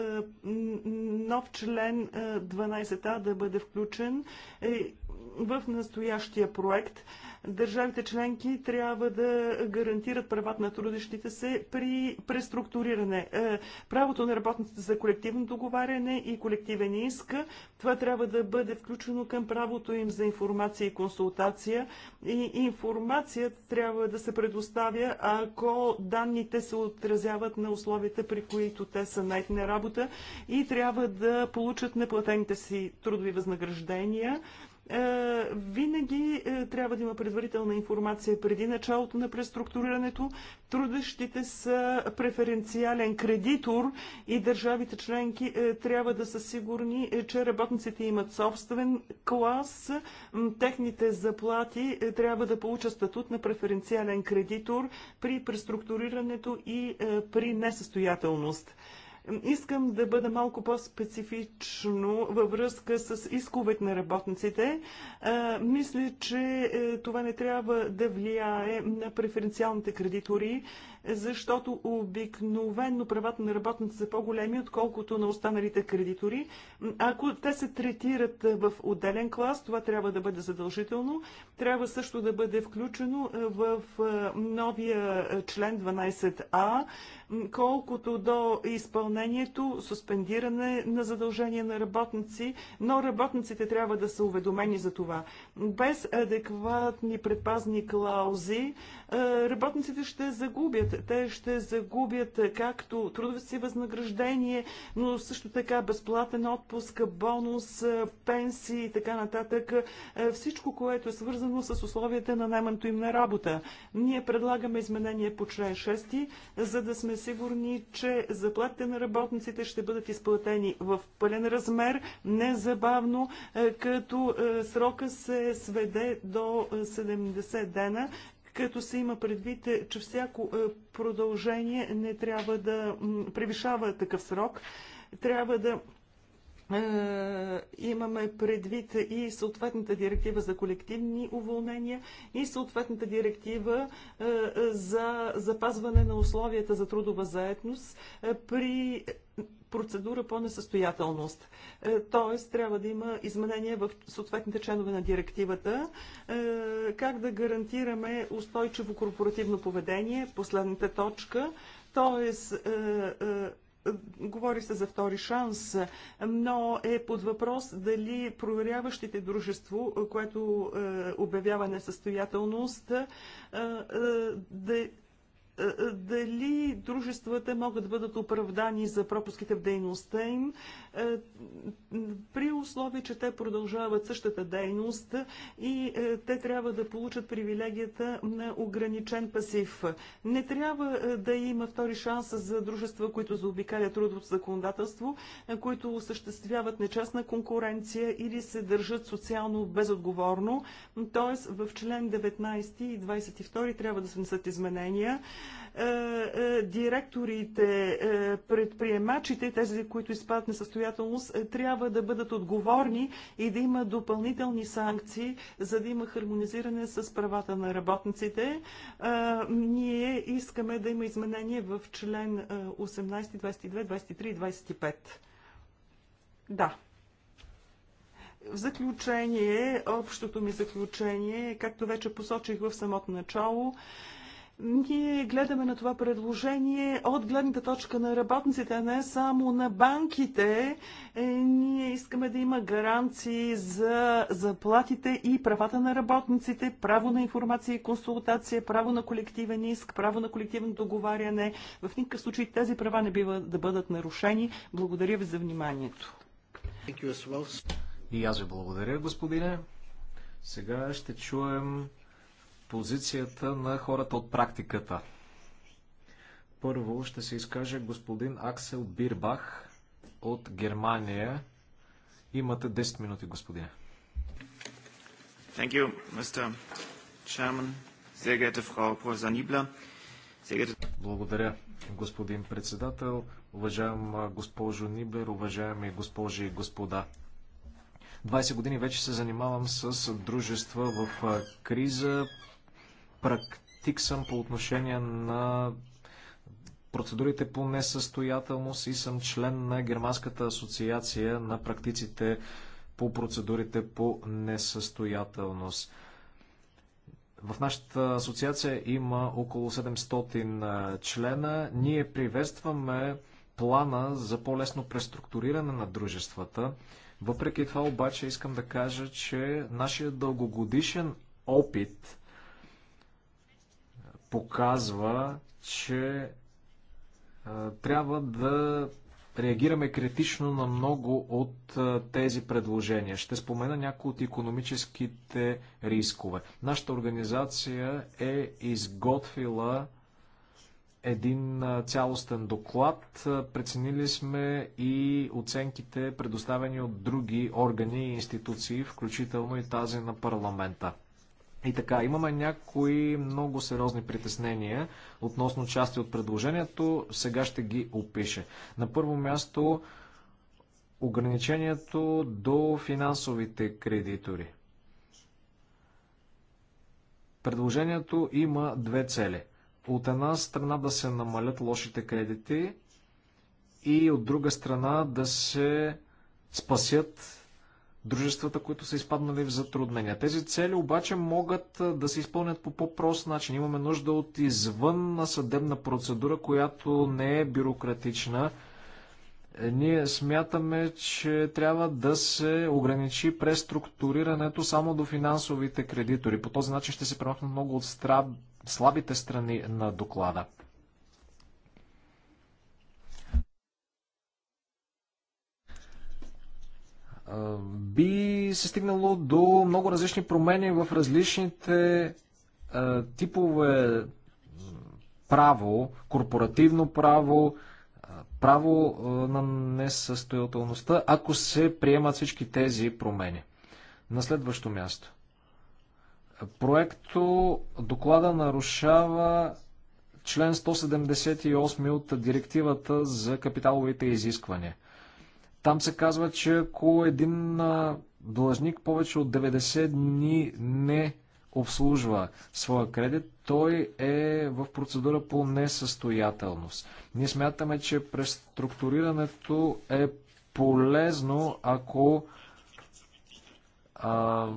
нов член 12а е, да бъде включен е, в настоящия проект. Държавите членки трябва да гарантират правата на трудещите се при преструктуриране. Е, правото на работниците за колективно договаряне и колективен иск, това трябва да бъде включено към правото им за информация и консултация. И информацията трябва да се предоставя, ако данните се отразяват на условията, при които те са найти на работа и трябва да получат неплатените си трудови възнаграждения. Е, винаги е, трябва да има предварителна информация преди началото на преструктурирането. Трудещите са преференциален кредитор и държавите членки е, трябва да са сигурни, че работниците имат собствен клас. Техните заплати трябва да получат статут на преференциален кредитор при преструктурирането и при несъстоятелност. Искам да бъда малко по-специфично във връзка с исковете на работниците. Мисля, че е, това не трябва да влияе на преференциалните кредитори защото обикновенно правата на работниците са по-големи, отколкото на останалите кредитори. Ако те се третират в отделен клас, това трябва да бъде задължително. Трябва също да бъде включено в новия член 12а, колкото до изпълнението, суспендиране на задължения на работници, но работниците трябва да са уведомени за това. Без адекватни предпазни клаузи, работниците ще загубят. Те ще загубят както трудове си възнаграждение, но също така безплатен отпуск, бонус, пенсии и така нататък. Всичко, което е свързано с условията на наймането им на работа. Ние предлагаме изменение по член 6, за да сме сигурни, че заплатите на работниците ще бъдат изплатени в пълен размер, незабавно, като срока се сведе до 70 дена, като се има предвид, е, че всяко е, продължение не трябва да превишава такъв срок. Трябва да е, имаме предвид и съответната директива за колективни уволнения и съответната директива за запазване на условията за трудова заетност при процедура по несъстоятелност. Е, тоест, трябва да има изменения в съответните членове на директивата. Е, как да гарантираме устойчиво корпоративно поведение? Последната точка. Тоест, е, говори се за втори шанс, но е под въпрос дали проверяващите дружество, което обявява несъстоятелност, да дали дружествата могат да бъдат оправдани за пропуските в дейността им, е, при условие, че те продължават същата дейност и е, те трябва да получат привилегията на ограничен пасив. Не трябва е, да има втори шанс за дружества, които заобикалят трудовото законодателство, които осъществяват нечестна конкуренция или се държат социално безотговорно. Тоест в член 19 и 22 трябва да се внесат изменения. Е, е, директорите, е, предприемачите, тези, които изпадат несъстоятелност, трябва да бъдат отговорни и да има допълнителни санкции, за да има хармонизиране с правата на работниците. Ние искаме да има изменение в член 18, 22, 23 и 25. Да. В заключение, общото ми заключение, както вече посочих в самото начало, ние гледаме на това предложение от гледната точка на работниците, а не само на банките. Е, ние искаме да има гаранции за заплатите и правата на работниците, право на информация и консултация, право на колективен иск, право на колективно договаряне. В никакъв случай тези права не бива да бъдат нарушени. Благодаря ви за вниманието.
И аз ви благодаря, господине. Сега ще чуем позицията на хората от практиката. Първо ще се изкаже господин Аксел Бирбах от Германия. Имате 10 минути, господине.
Thank you, Mr. Chairman, sehr geehrte Frau Professor
Благодаря, господин председател, уважаема госпожо Нибер, уважаеми госпожи и господа. 20 години вече се занимавам с дружества в криза, практик съм по отношение на процедурите по несъстоятелност и съм член на Германската асоциация на практиците по процедурите по несъстоятелност. В нашата асоциация има около 700 члена. Ние приветстваме плана за по-лесно преструктуриране на дружествата. Въпреки това обаче искам да кажа, че нашия дългогодишен опит показва, че трябва да реагираме критично на много от тези предложения. Ще спомена някои от економическите рискове. Нашата организация е изготвила един цялостен доклад. Преценили сме и оценките, предоставени от други органи и институции, включително и тази на парламента. И така, имаме някои много сериозни притеснения относно части от предложението. Сега ще ги опише. На първо място ограничението до финансовите кредитори. Предложението има две цели. От една страна да се намалят лошите кредити и от друга страна да се спасят дружествата, които са изпаднали в затруднения. Тези цели обаче могат да се изпълнят по по-прост начин. Имаме нужда от извън съдебна процедура, която не е бюрократична. Е, ние смятаме, че трябва да се ограничи преструктурирането само до финансовите кредитори. По този начин ще се премахнат много от страб... слабите страни на доклада. би се стигнало до много различни промени в различните типове право, корпоративно право, право на несъстоятелността, ако се приемат всички тези промени. На следващо място. Проекто доклада нарушава член 178 от директивата за капиталовите изисквания – там се казва, че ако един длъжник повече от 90 дни не обслужва своя кредит, той е в процедура по несъстоятелност. Ние смятаме, че преструктурирането е полезно, ако а,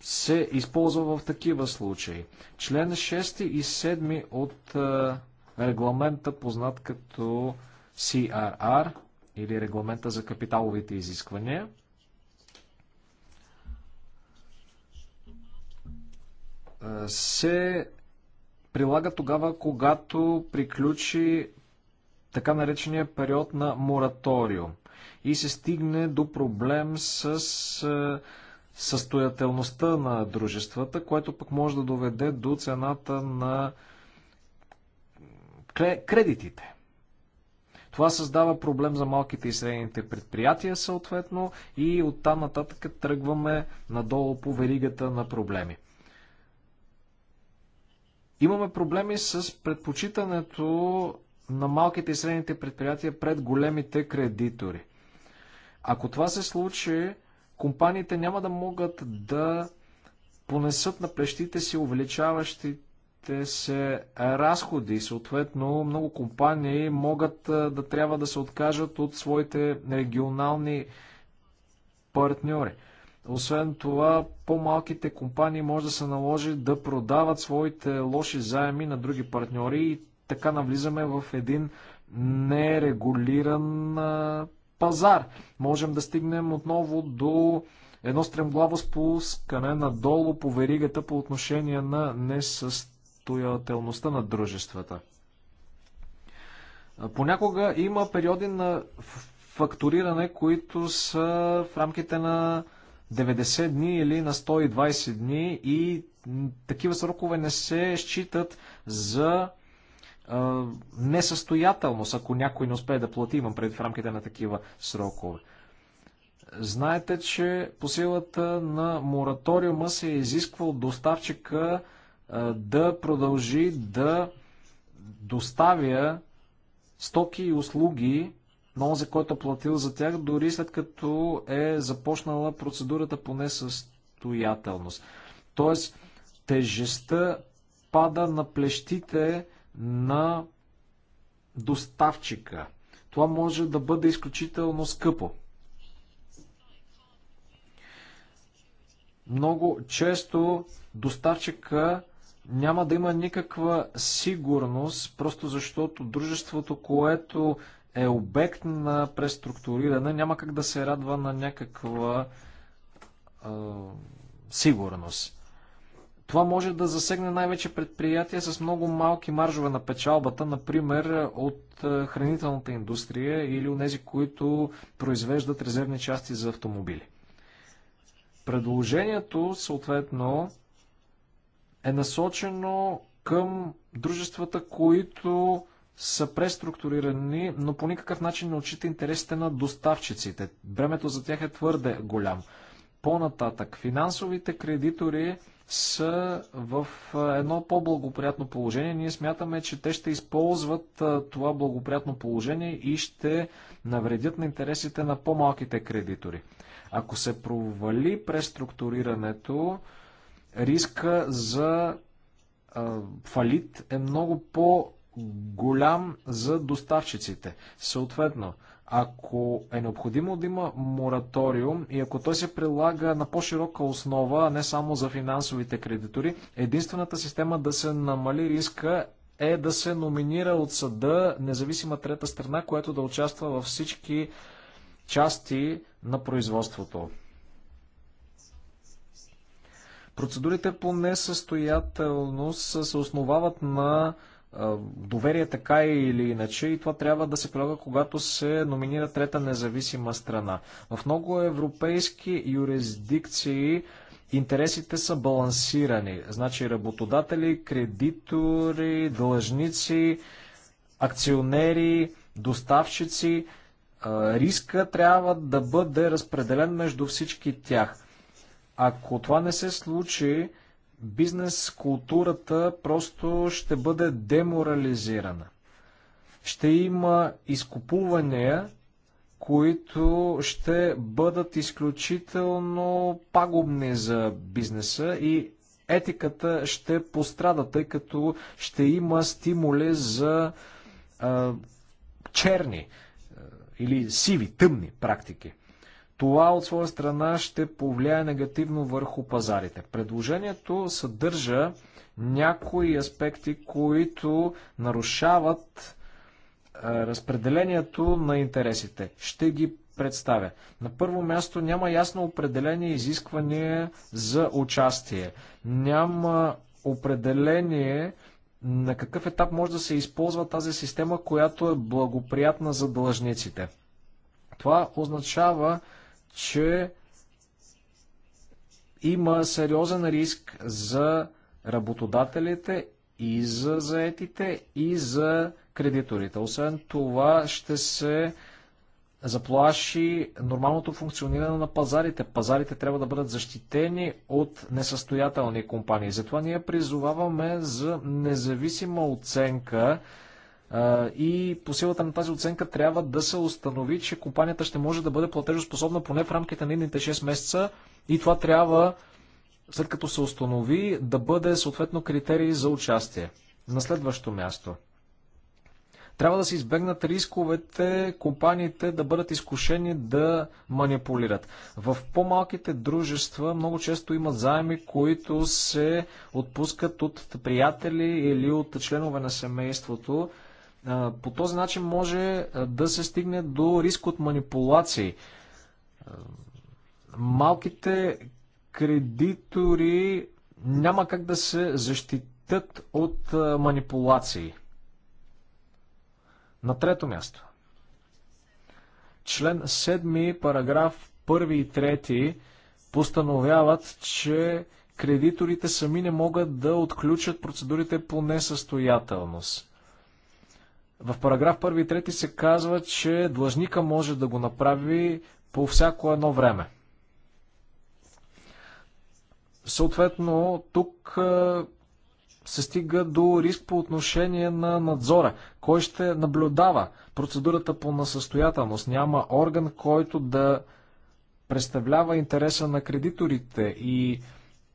се използва в такива случаи. Член 6 и 7 от а, регламента, познат като CRR, или регламента за капиталовите изисквания. се прилага тогава, когато приключи така наречения период на мораториум и се стигне до проблем с състоятелността на дружествата, което пък може да доведе до цената на кредитите. Това създава проблем за малките и средните предприятия съответно и оттам нататък тръгваме надолу по веригата на проблеми. Имаме проблеми с предпочитането на малките и средните предприятия пред големите кредитори. Ако това се случи, компаниите няма да могат да понесат на плещите си увеличаващите ще се разходи. Съответно, много компании могат да трябва да се откажат от своите регионални партньори. Освен това, по-малките компании може да се наложи да продават своите лоши заеми на други партньори и така навлизаме в един нерегулиран пазар. Можем да стигнем отново до едно стремглаво спускане надолу по веригата по отношение на несъстоятелността състоятелността на дружествата. Понякога има периоди на фактуриране, които са в рамките на 90 дни или на 120 дни и такива срокове не се считат за е, несъстоятелност, ако някой не успее да плати, имам пред в рамките на такива срокове. Знаете, че по силата на мораториума се е изисква от доставчика да продължи да доставя стоки и услуги на онзи, който е платил за тях, дори след като е започнала процедурата по несъстоятелност. Тоест, тежестта пада на плещите на доставчика. Това може да бъде изключително скъпо. Много често доставчика няма да има никаква сигурност, просто защото дружеството, което е обект на преструктуриране, няма как да се радва на някаква е, сигурност. Това може да засегне най-вече предприятия с много малки маржове на печалбата, например от хранителната индустрия или от тези, които произвеждат резервни части за автомобили. Предложението, съответно, е насочено към дружествата, които са преструктурирани, но по никакъв начин не отчита интересите на доставчиците. Бремето за тях е твърде голям. По-нататък, финансовите кредитори са в едно по-благоприятно положение. Ние смятаме, че те ще използват това благоприятно положение и ще навредят на интересите на по-малките кредитори. Ако се провали преструктурирането, риска за фалит е много по-голям за доставчиците. Съответно, ако е необходимо да има мораториум и ако той се прилага на по-широка основа, а не само за финансовите кредитори, единствената система да се намали риска е да се номинира от съда независима трета страна, която да участва във всички части на производството. Процедурите по несъстоятелност се основават на доверие така или иначе и това трябва да се прилага, когато се номинира трета независима страна. В много европейски юрисдикции интересите са балансирани. Значи работодатели, кредитори, длъжници, акционери, доставчици, риска трябва да бъде разпределен между всички тях. Ако това не се случи, бизнес културата просто ще бъде деморализирана. Ще има изкупувания, които ще бъдат изключително пагубни за бизнеса и етиката ще пострада, тъй като ще има стимули за а, черни или сиви, тъмни практики. Това от своя страна ще повлияе негативно върху пазарите. Предложението съдържа някои аспекти, които нарушават е, разпределението на интересите. Ще ги представя. На първо място няма ясно определение изисквания за участие. Няма определение на какъв етап може да се използва тази система, която е благоприятна за длъжниците. Това означава, че има сериозен риск за работодателите и за заетите и за кредиторите. Освен това ще се заплаши нормалното функциониране на пазарите. Пазарите трябва да бъдат защитени от несъстоятелни компании. Затова ние призоваваме за независима оценка и по силата на тази оценка трябва да се установи, че компанията ще може да бъде платежоспособна поне в рамките на едните 6 месеца и това трябва, след като се установи, да бъде съответно критерий за участие. На следващо място. Трябва да се избегнат рисковете компаниите да бъдат изкушени да манипулират. В по-малките дружества много често имат заеми, които се отпускат от приятели или от членове на семейството по този начин може да се стигне до риск от манипулации. Малките кредитори няма как да се защитят от манипулации. На трето място. Член 7, параграф 1 и 3 постановяват, че кредиторите сами не могат да отключат процедурите по несъстоятелност. В параграф 1 и 3 се казва, че длъжника може да го направи по всяко едно време. Съответно, тук се стига до риск по отношение на надзора. Кой ще наблюдава процедурата по насъстоятелност? Няма орган, който да представлява интереса на кредиторите и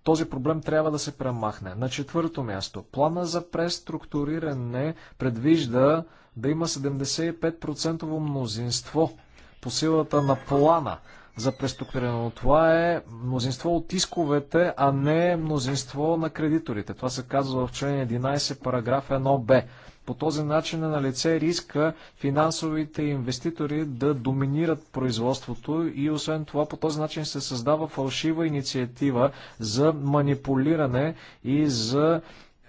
този проблем трябва да се премахне. На четвърто място, плана за преструктуриране предвижда да има 75% мнозинство по силата на плана за преструктуриране. Но това е мнозинство от исковете, а не мнозинство на кредиторите. Това се казва в член 11, параграф 1б. По този начин е на лице риска финансовите инвеститори да доминират производството и освен това по този начин се създава фалшива инициатива за манипулиране и за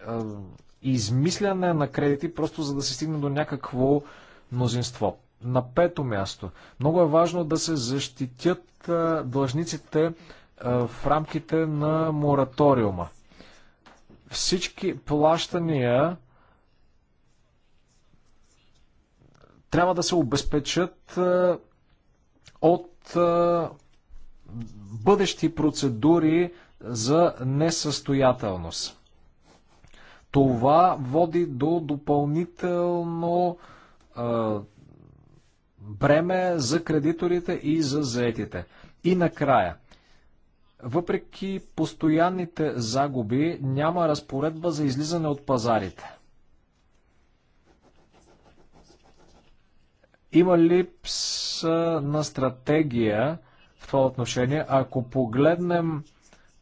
е, измисляне на кредити, просто за да се стигне до някакво мнозинство. На пето място. Много е важно да се защитят е, длъжниците е, в рамките на мораториума. Всички плащания трябва да се обезпечат от бъдещи процедури за несъстоятелност. Това води до допълнително бреме за кредиторите и за заетите. И накрая, въпреки постоянните загуби, няма разпоредба за излизане от пазарите. Има ли на стратегия в това отношение. Ако погледнем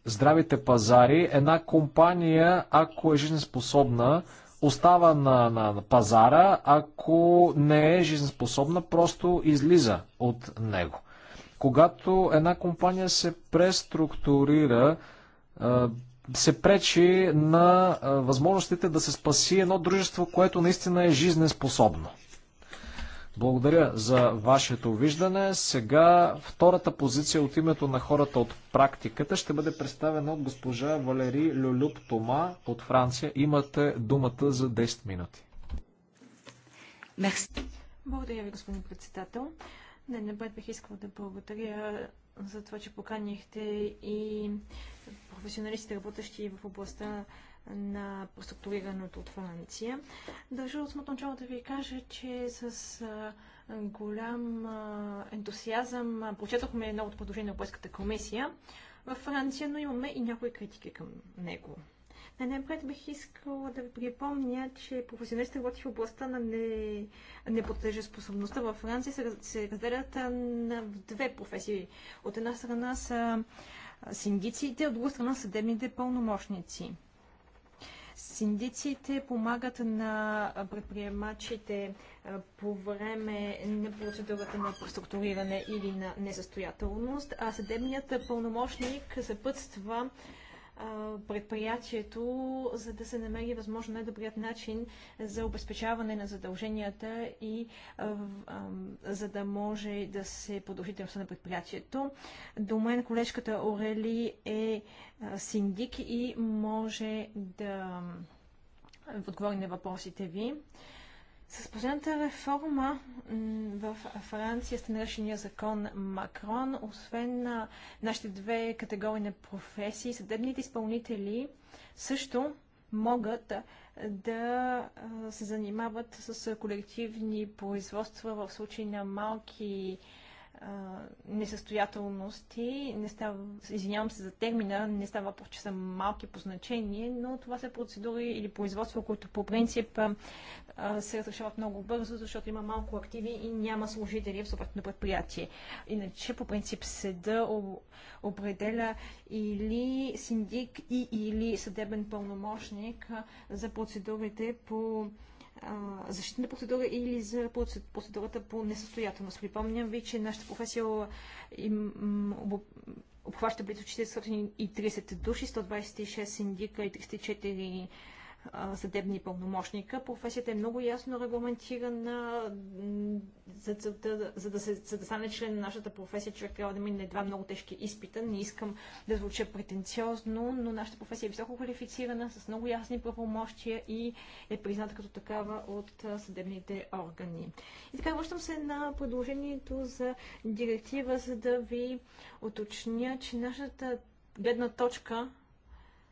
здравите пазари, една компания, ако е жизнеспособна, остава на, на, на пазара, ако не е жизнеспособна, просто излиза от него. Когато една компания се преструктурира, се пречи на възможностите да се спаси едно дружество, което наистина е жизнеспособно. Благодаря за вашето виждане. Сега втората позиция от името на хората от практиката ще бъде представена от госпожа Валери Люлюб Тома от Франция. Имате думата за 10 минути.
Благодаря ви, господин председател. Не, не бих искал да благодаря за това, че поканихте и професионалистите, работещи в областта на преструктурирането от Франция. Държа от самото начало да ви кажа, че с а, голям а, ентусиазъм прочетохме едно от на Европейската комисия във Франция, но имаме и някои критики към него. Най-напред бих искала да ви припомня, че професионалистите работи в областта на не... способността във Франция се, се разделят на две професии. От една страна са синдиците, от друга страна съдебните пълномощници. Синдиците помагат на предприемачите по време на процедурата на преструктуриране или на несъстоятелност, а съдебният пълномощник съпътства предприятието, за да се намери възможно най-добрият начин за обезпечаване на задълженията и за да може да се продължи дейността на предприятието. До мен колежката Орели е синдик и може да отговори на въпросите ви. С последната реформа в Франция сте закон Макрон, освен на нашите две категории на професии, съдебните изпълнители също могат да се занимават с колективни производства в случай на малки а, несъстоятелности. Не става, извинявам се за термина, не става въпрос, че са малки по значение, но това са процедури или производства, които по принцип а, се разрешават много бързо, защото има малко активи и няма служители в съответното предприятие. Иначе по принцип седа определя или синдик и или съдебен пълномощник за процедурите по защитна процедура или за процедурата по несъстоятелност. Припомням ви, че нашата професия обхваща близо 430 души, 126 индика и 304 съдебни пълномощника. Професията е много ясно регламентирана. За, за, да, за, да се, за да стане член на нашата професия, човек трябва да мине два много тежки изпита. Не искам да звуча претенциозно, но нашата професия е високо квалифицирана, с много ясни правомощия и е призната като такава от съдебните органи. И така, връщам се на предложението за директива, за да ви уточня, че нашата гледна точка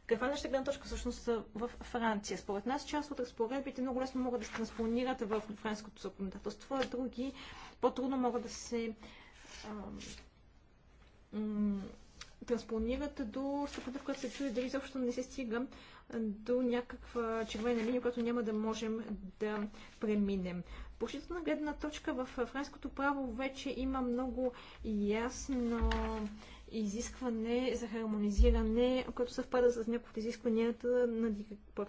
каква е нашата гледна точка всъщност в Франция? Според нас част от разпоредбите много лесно могат да се транспонират в френското законодателство, а други по-трудно могат да се транспонират до стъпата, в която се чуди дали изобщо не се стига до някаква червена линия, която няма да можем да преминем. По на гледна точка в френското право вече има много ясно изискване за хармонизиране, което съвпада с някои от изискванията на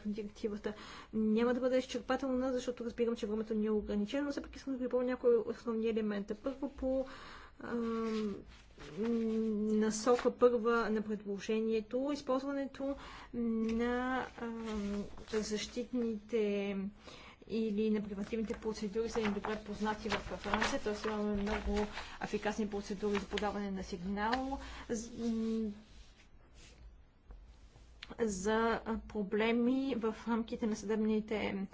директивата. Няма да бъде изчерпателна, защото разбирам, че времето ни е ограничено, но все пак искам да припомня някои основни елемента. Първо по насока първа на предложението, използването на а, защитните а, или на процедури са им добре познати в Франция, т.е. имаме много ефикасни процедури за подаване на сигнал за проблеми в рамките на съдебните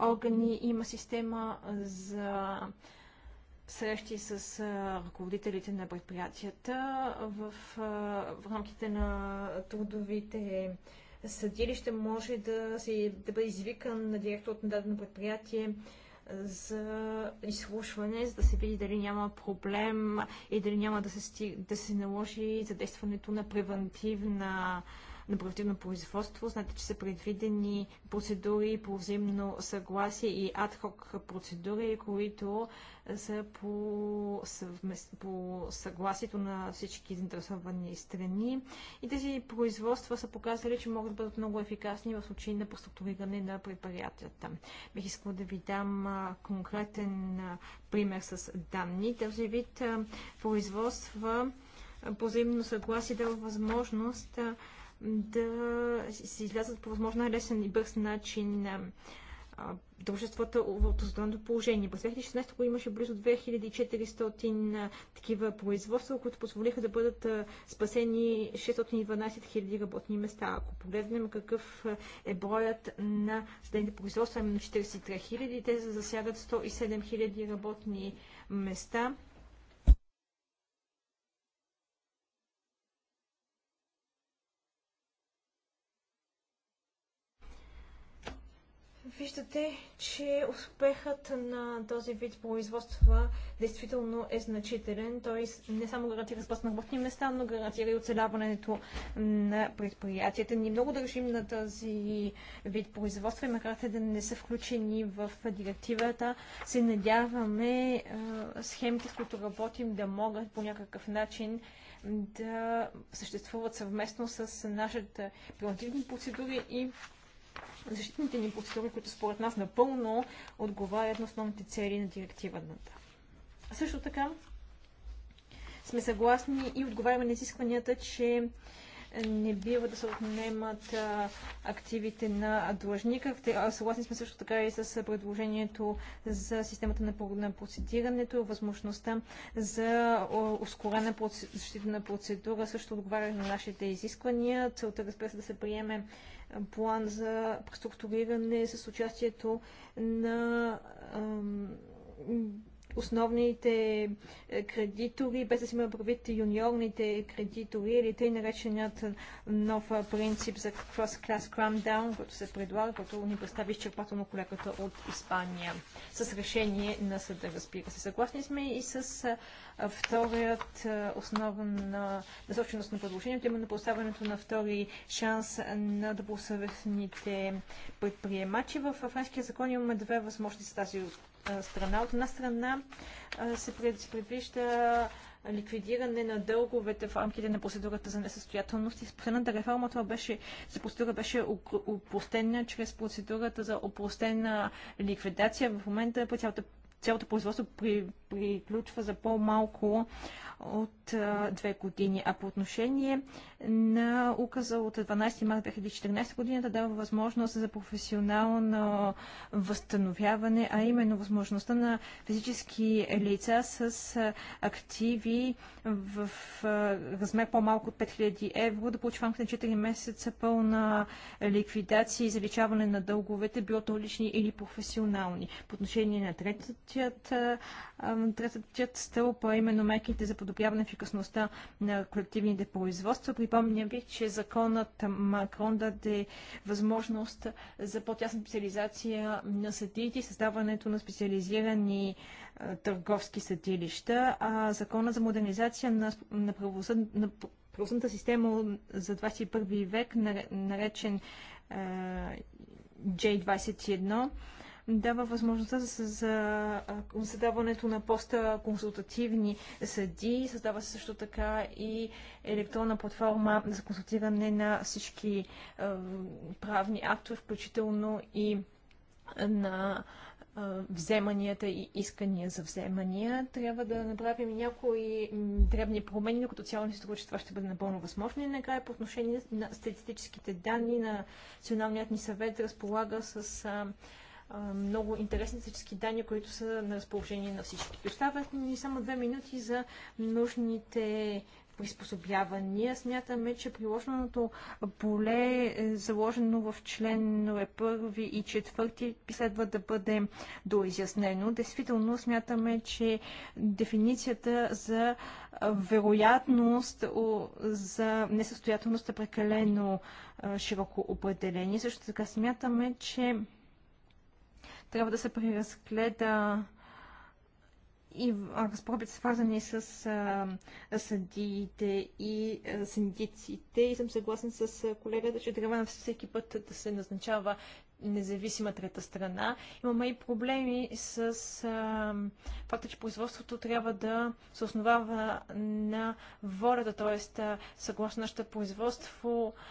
органи. Има система за срещи с ръководителите на предприятията в, в рамките на трудовите съдилище може да, се, да бъде извикан на директор на дадено предприятие за изслушване, за да се види дали няма проблем и дали няма да се, стиг... да се наложи задействането на превентивна на оперативно производство. Знаете, че са предвидени процедури по взаимно съгласие и адхок процедури, които са по, съвмест... по съгласието на всички заинтересовани страни. И тези производства са показали, че могат да бъдат много ефикасни в случай на преструктуриране на предприятията. Бих искала да ви дам конкретен пример с данни. Този вид производства по взаимно съгласие дава възможност да се излязат по възможно лесен и бърз начин дружествата от основното положение. През 2016 го имаше близо 2400 такива производства, които позволиха да бъдат спасени 612 000 работни места. Ако погледнем какъв е броят на съдените производства, именно 43 000, те засягат 107 000 работни места. виждате, че успехът на този вид производства действително е значителен. Той не само гарантира спас на работни места, но гарантира и оцеляването на предприятията. Ние много държим на този вид производства и макар те да не са включени в директивата, се надяваме схемите, с които работим, да могат по някакъв начин да съществуват съвместно с нашите превентивни процедури и защитните ни процедури, които според нас напълно отговарят на основните цели на директивата. Също така сме съгласни и отговаряме на изискванията, че не бива да се отнемат активите на длъжника. Съгласни сме също така и с предложението за системата на процедирането, възможността за ускорена защитна процедура също отговаря на нашите изисквания. Целта, разбира се, да се приеме план за преструктуриране с участието на основните е, кредитори, без да си има правит юниорните кредитори или тъй нареченият нов е, принцип за cross-class down, който се предлага, който ни представи изчерпателно колегата от Испания с решение на съда, разбира се. Съгласни сме и с е, вторият основна насоченост на предложението, именно поставянето на втори шанс на добросъвестните предприемачи. В френския закон имаме две възможности с тази страна. От една страна се предвижда ликвидиране на дълговете в рамките на процедурата за несъстоятелност и спрената реформа това беше, за процедура беше упростена чрез процедурата за упростена ликвидация. В момента по цялото производство при, приключва за по-малко от а, две години. А по отношение на указа от 12 марта 2014 година да дава възможност за професионално възстановяване, а именно възможността на физически лица с активи в размер по-малко от 5000 евро да получи в рамките на 4 месеца пълна ликвидация и заличаване на дълговете, било то лични или професионални. По отношение на третият, третият стълб, а именно мерките за подобрение подобряване ефикасността на колективните производства. Припомням ви, че законът Макрон даде възможност за по-тясна специализация на съдиите, създаването на специализирани е, търговски съдилища, а закона за модернизация на, на правосъдната правосъдната система за 21 век, наречен J21, е, дава възможността за, за създаването на поста консултативни съди. Създава се също така и електронна платформа за консултиране на всички правни актове, включително и на вземанията и искания за вземания. Трябва да направим някои дребни промени, но като цяло не се струва, че това ще бъде напълно възможно. И накрая по отношение на статистическите данни на Националният ни съвет разполага с много интересни статистически данни, които са на разположение на всички. Остават ни само две минути за нужните приспособявания. Смятаме, че приложеното поле, е заложено в член 1 е и 4, следва да бъде доизяснено. Действително смятаме, че дефиницията за вероятност за несъстоятелност е прекалено широко определение. Също така смятаме, че трябва да се преразгледа и разпробите свързани с а, съдиите и синдиците. И съм съгласен с колегата, че трябва на всеки път да се назначава независима трета страна. Имаме и проблеми с а, факта, че производството трябва да се основава на волята, т.е. съгласно нашето производство а,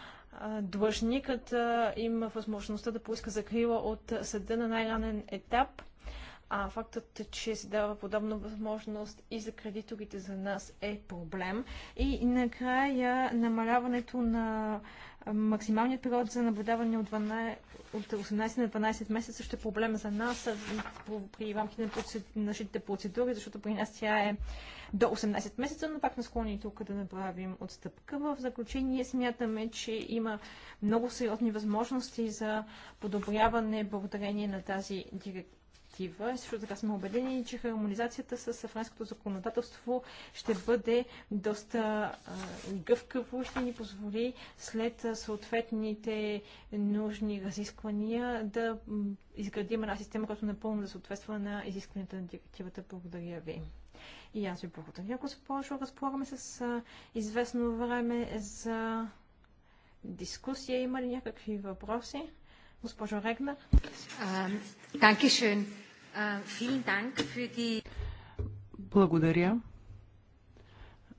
длъжникът има възможността да поиска закрила от съда на най-ранен етап. А фактът, че се дава подобна възможност и за кредиторите за нас е проблем. И накрая намаляването на Максималният период за наблюдаване от, 12, от 18 на 12 месеца ще е проблем за нас при рамките на нашите процедури, защото при нас тя е до 18 месеца, но пак насклони тук да направим отстъпка. В заключение смятаме, че има много сериозни възможности за подобряване благодарение на тази директива директива. Също така сме убедени, че хармонизацията с френското законодателство ще бъде доста гъвкаво, ще ни позволи след съответните нужни разисквания да изградим една система, която напълно да съответства на изискванията на директивата. Благодаря ви. И аз ви благодаря, госпожо. Разполагаме с известно време за дискусия. Има ли някакви въпроси? Госпожо Регнер. Dankeschön.
Благодаря.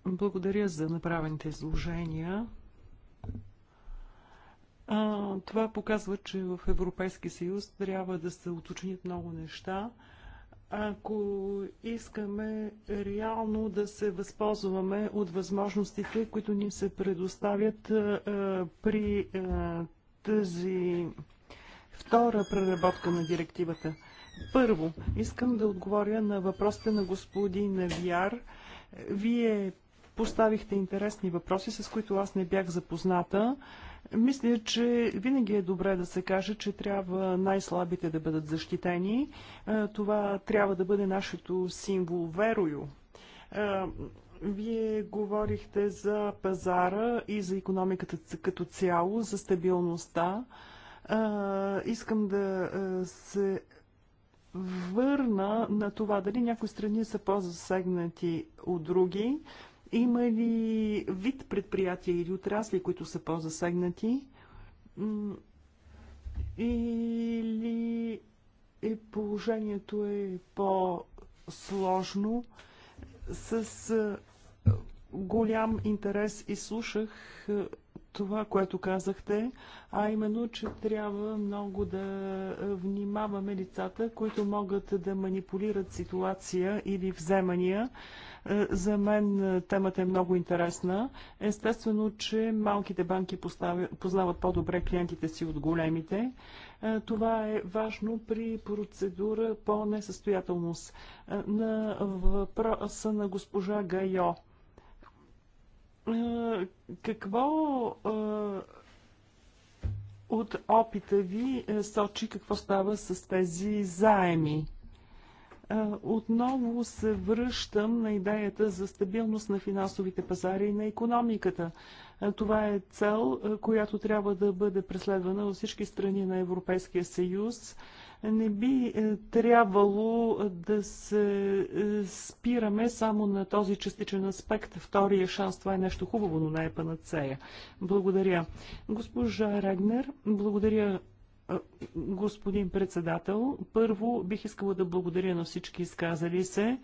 Благодаря за направените изложения. това показва, че в Европейски съюз трябва да се уточнят много неща, ако искаме реално да се възползваме от възможностите, които ни се предоставят при тази втора преработка на директивата. Първо, искам да отговоря на въпросите на господин Вяр. Вие поставихте интересни въпроси, с които аз не бях запозната. Мисля, че винаги е добре да се каже, че трябва най-слабите да бъдат защитени. Е, това трябва да бъде нашето символ верою. Е, вие говорихте за пазара и за економиката като цяло, за стабилността. Е, искам да се върна на това дали някои страни са по-засегнати от други. Има ли вид предприятия или отрасли, които са по-засегнати? Или е, положението е по-сложно? С голям интерес изслушах това, което казахте, а именно, че трябва много да е, внимаваме лицата, които могат да манипулират ситуация или вземания. Е, за мен е, темата е много интересна. Естествено, че малките банки познават по-добре клиентите си от големите. Това е важно при процедура по несъстоятелност. На въпроса на госпожа Гайо – какво от опита ви е, сочи какво става с тези заеми? Отново се връщам на идеята за стабилност на финансовите пазари и на економиката. Това е цел, която трябва да бъде преследвана от всички страни на Европейския съюз не би е, трябвало е, да се е, спираме само на този частичен аспект. Втория шанс, това е нещо хубаво, но не е панацея. Благодаря. Госпожа Регнер, благодаря Господин председател, първо бих искала да благодаря на всички изказали се.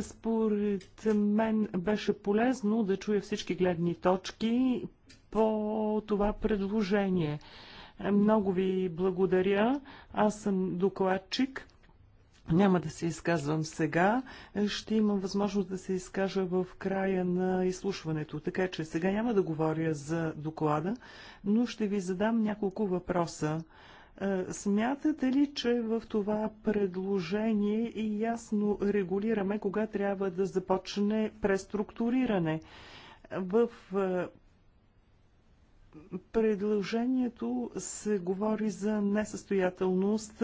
Според мен беше полезно да чуя всички гледни точки по това предложение. Много ви благодаря. Аз съм докладчик. Няма да се изказвам сега. Ще имам възможност да се изкажа в края на изслушването. Така че сега няма да говоря за доклада, но ще ви задам няколко въпроса. Е, смятате ли, че в това предложение и ясно регулираме кога трябва да започне преструктуриране? В е, предложението се говори за несъстоятелност,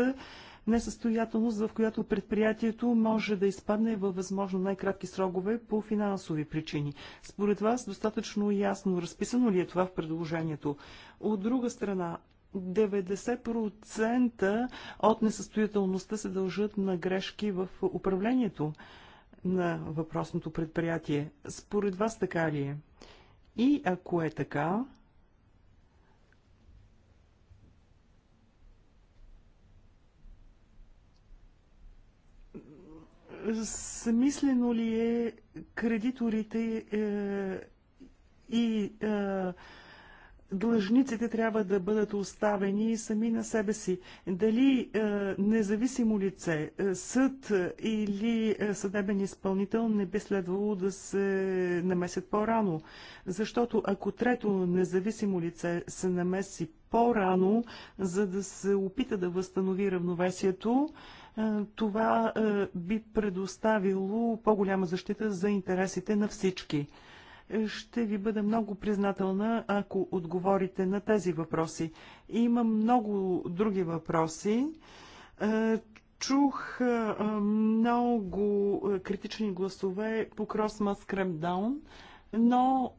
несъстоятелност, в която предприятието може да изпадне във възможно най-кратки срогове по финансови причини. Според вас достатъчно ясно разписано ли е това в предложението? От друга страна, 90% от несъстоятелността се дължат на грешки в управлението на въпросното предприятие. Според вас така ли е? И ако е така, смислено ли е кредиторите е, и е, длъжниците трябва да бъдат оставени сами на себе си. Дали е, независимо лице, е, съд или съдебен изпълнител не би следвало да се намесят по-рано, защото ако трето независимо лице се намеси по-рано, за да се опита да възстанови равновесието, е, това е, би предоставило по-голяма защита за интересите на всички. Е, ще ви бъда много признателна, ако отговорите на тези въпроси. Има много други въпроси. Чух много критични гласове по Crossmas Crampdown, но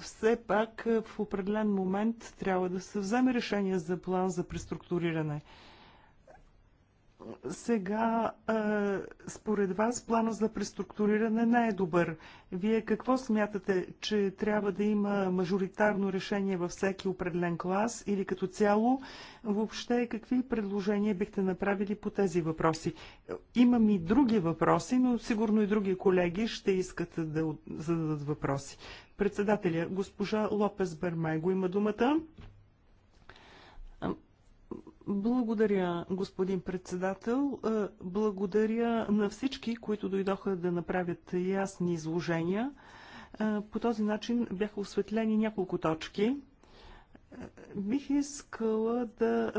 все пак е, в определен момент трябва да се вземе решение за план за преструктуриране. Сега, според вас, плана за преструктуриране не е добър. Вие какво смятате, че трябва да има мажоритарно решение във всеки определен клас или като цяло? Въобще, какви предложения бихте направили по тези въпроси? Имам и други въпроси, но сигурно и други колеги ще искат да зададат въпроси. Председателя, госпожа Лопес Бермайго има думата. Благодаря, господин председател. Е, благодаря на всички, които дойдоха да направят ясни изложения. Е, по този начин бяха осветлени няколко точки. Бих искала да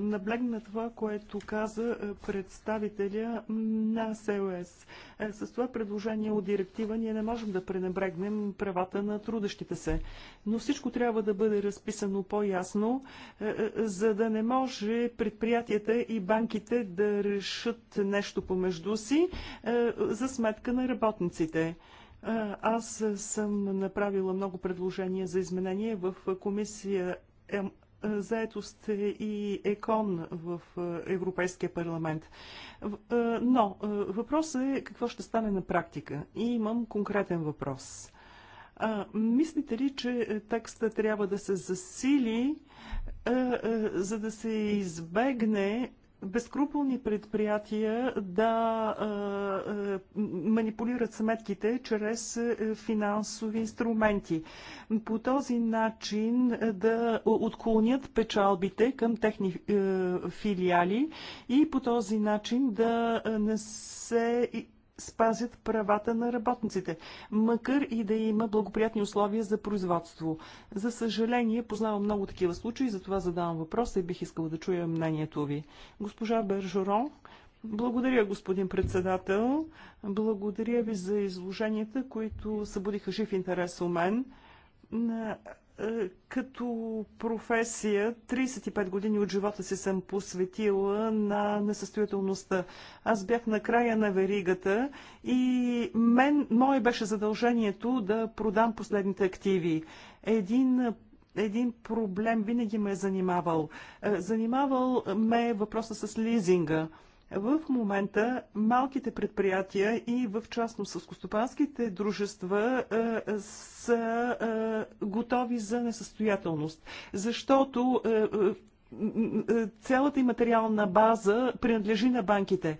наблегна това, което каза представителя на СЕОС. С това предложение от директива ние не можем да пренебрегнем правата на трудещите се. Но всичко трябва да бъде разписано по-ясно, за да не може предприятията и банките да решат нещо помежду си за сметка на работниците. Аз съм направила много предложения за изменения в комисия заедост и ЕКОН в Европейския парламент. Но въпросът е какво ще стане на практика. И имам конкретен въпрос. мислите ли, че текста трябва да се засили, за да се избегне безкруполни предприятия да манипулират сметките чрез финансови инструменти. По този начин да отклонят печалбите към техни филиали и по този начин да не се спазят правата на работниците, макар и да има благоприятни условия за производство. За съжаление, познавам много такива случаи, затова задавам въпроса и бих искала да чуя мнението ви. Госпожа Бержерон, благодаря, господин председател. Благодаря ви за изложенията, които събудиха жив интерес у мен. Е, като професия 35 години от живота си съм посветила на несъстоятелността. Аз бях на края на веригата и мен, мое беше задължението да продам последните активи. Един един проблем винаги ме е занимавал. Е, занимавал ме е въпроса с лизинга. В момента малките предприятия и в частно съскостопанските дружества е, са е, готови за несъстоятелност, защото е, цялата и материална база принадлежи на банките.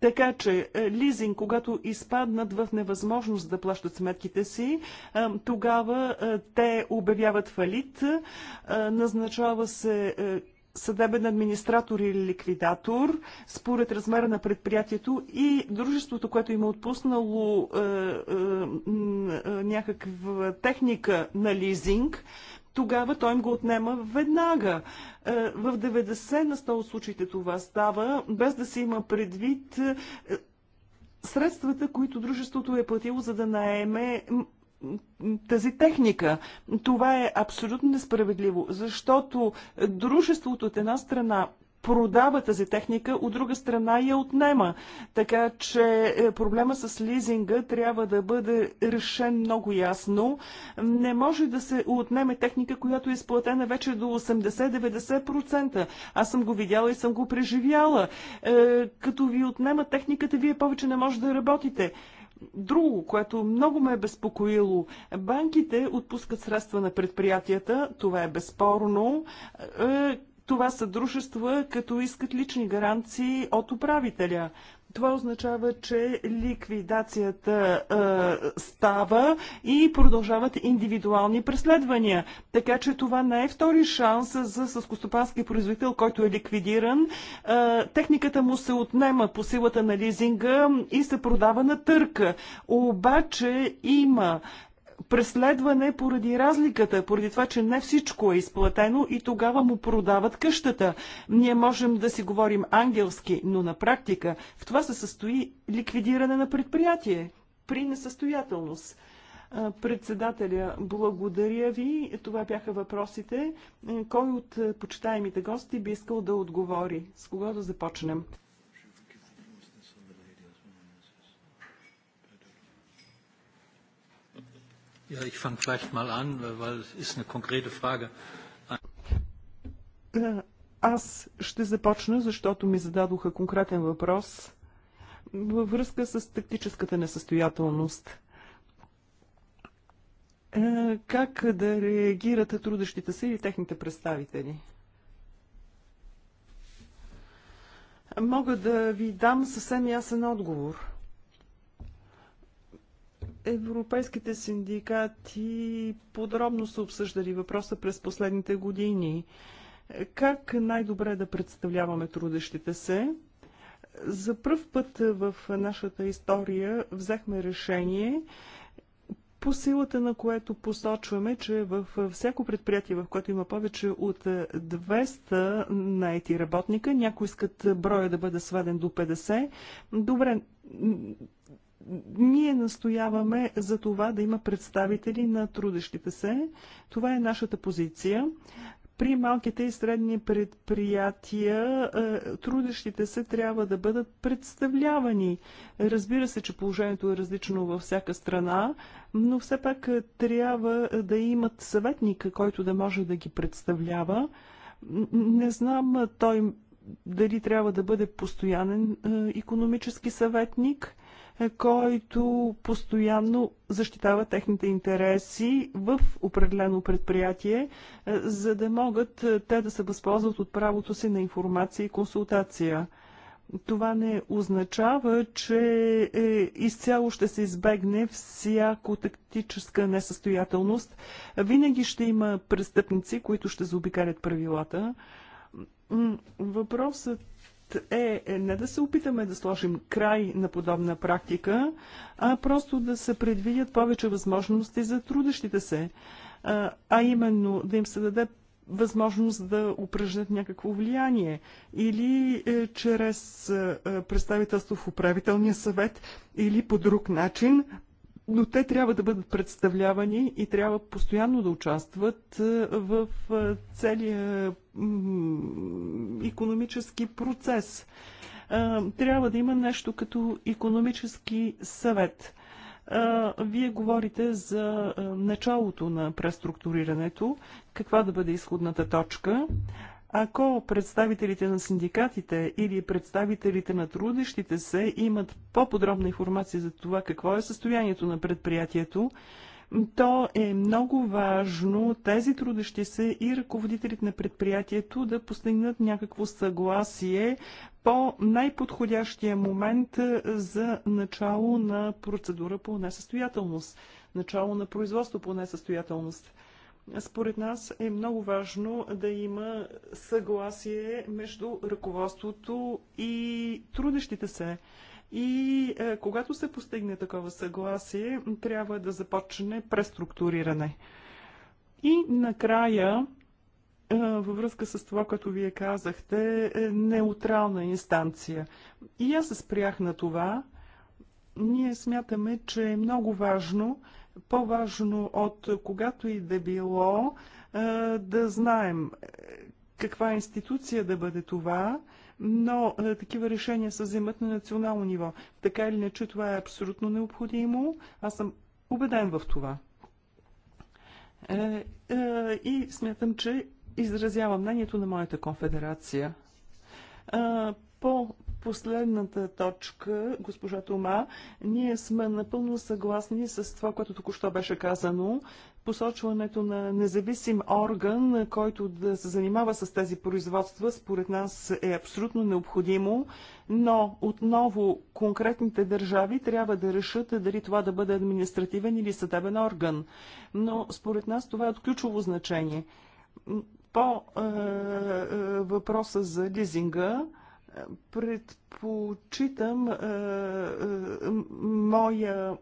Така че лизинг, когато изпаднат в невъзможност да плащат сметките си, тогава те обявяват фалит, назначава се съдебен администратор или ликвидатор според размера на предприятието и дружеството, което им е отпуснало е, е, е някаква техника на лизинг, тогава той им го отнема веднага. Е, в 90 на 100 от случаите това става, без да се има предвид е, средствата, които дружеството е платило за да наеме тази техника. Това е абсолютно несправедливо, защото дружеството от една страна продава тази техника, от друга страна я отнема. Така че е, проблема с лизинга трябва да бъде решен много ясно. Не може да се отнеме техника, която е изплатена вече до 80-90%. Аз съм го видяла и съм го преживяла. Е, като ви отнема техниката, вие повече не може да работите. Друго, което много ме е безпокоило, банките отпускат средства на предприятията, това е безспорно, е, това са дружества, като искат лични гаранции от управителя. Това означава, че ликвидацията е, става и продължават индивидуални преследвания. Така че това не е втори шанс за съскостопански производител, който е ликвидиран. Е, техниката му се отнема по силата на лизинга и се продава на търка. Обаче има преследване поради разликата, поради това, че не всичко е изплатено и тогава му продават къщата. Ние можем да си говорим ангелски, но на практика в това се състои ликвидиране на предприятие при несъстоятелност. Председателя, благодаря ви. Това бяха въпросите. Кой от почитаемите гости би искал да отговори? С кого да започнем?
Ja, ich fange vielleicht mal an, weil es ist eine konkrete Frage.
Äh, аз ще започна, защото ми зададоха конкретен въпрос във връзка с тактическата несъстоятелност. Е, как да реагират трудещите се или техните представители? Мога да ви дам съвсем ясен отговор – Европейските синдикати подробно са обсъждали въпроса през последните години. Как най-добре да представляваме трудещите се? За първ път в нашата история взехме решение, по силата на което посочваме, че във всяко предприятие, в което има повече от 200 наети работника, някои искат броя да бъде сведен до 50. Добре, ние настояваме за това да има представители на трудещите се. Това е нашата позиция. При малките и средни предприятия е, трудещите се трябва да бъдат представлявани. Разбира се, че положението е различно във всяка страна, но все пак е, трябва е, да имат съветник, който да може да ги представлява. Не знам той дали трябва да бъде постоянен економически съветник – който постоянно защитава техните интереси в определено предприятие, е, за да могат е, те да се възползват от правото си на информация и консултация. Това не означава, че е, изцяло ще се избегне всяко тактическа несъстоятелност. Винаги ще има престъпници, които ще заобикалят правилата. Въпросът е, е не да се опитаме да сложим край на подобна практика, а просто да се предвидят повече възможности за трудещите се, а именно да им се даде възможност да упражнят някакво влияние или е, чрез е, представителство в управителния съвет или по друг начин но те трябва да бъдат представлявани и трябва постоянно да участват е, в е, целия економически процес. Е, трябва да има нещо като економически съвет. Вие говорите за началото на преструктурирането, каква да бъде изходната точка. Ако представителите на синдикатите или представителите на трудещите се имат по-подробна информация за това какво е състоянието на предприятието, то е много важно тези трудещи се и ръководителите на предприятието да постигнат някакво съгласие по най-подходящия момент за начало на процедура по несъстоятелност, начало на производство по несъстоятелност. Според нас е много важно да има съгласие между ръководството и трудещите се. И е, когато се постигне такова съгласие, трябва да започне преструктуриране. И накрая, е, във връзка с това, като вие казахте, е, неутрална инстанция. И аз се спрях на това. Ние смятаме, че е много важно по-важно от когато и да било да знаем е, каква институция да бъде това, но е, такива решения се вземат на национално ниво. Така или иначе това е абсолютно необходимо. Аз съм убеден в това. Е, и смятам, че изразявам мнението на моята конфедерация. По последната точка, госпожа Тома, ние сме напълно съгласни с това, което току-що беше казано. Посочването на независим орган, който да се занимава с тези производства, според нас е абсолютно необходимо, но отново конкретните държави трябва да решат дали това да бъде административен или съдебен орган. Но според нас това е от ключово значение. По е, е, въпроса за лизинга, предпочитам е, е, моя,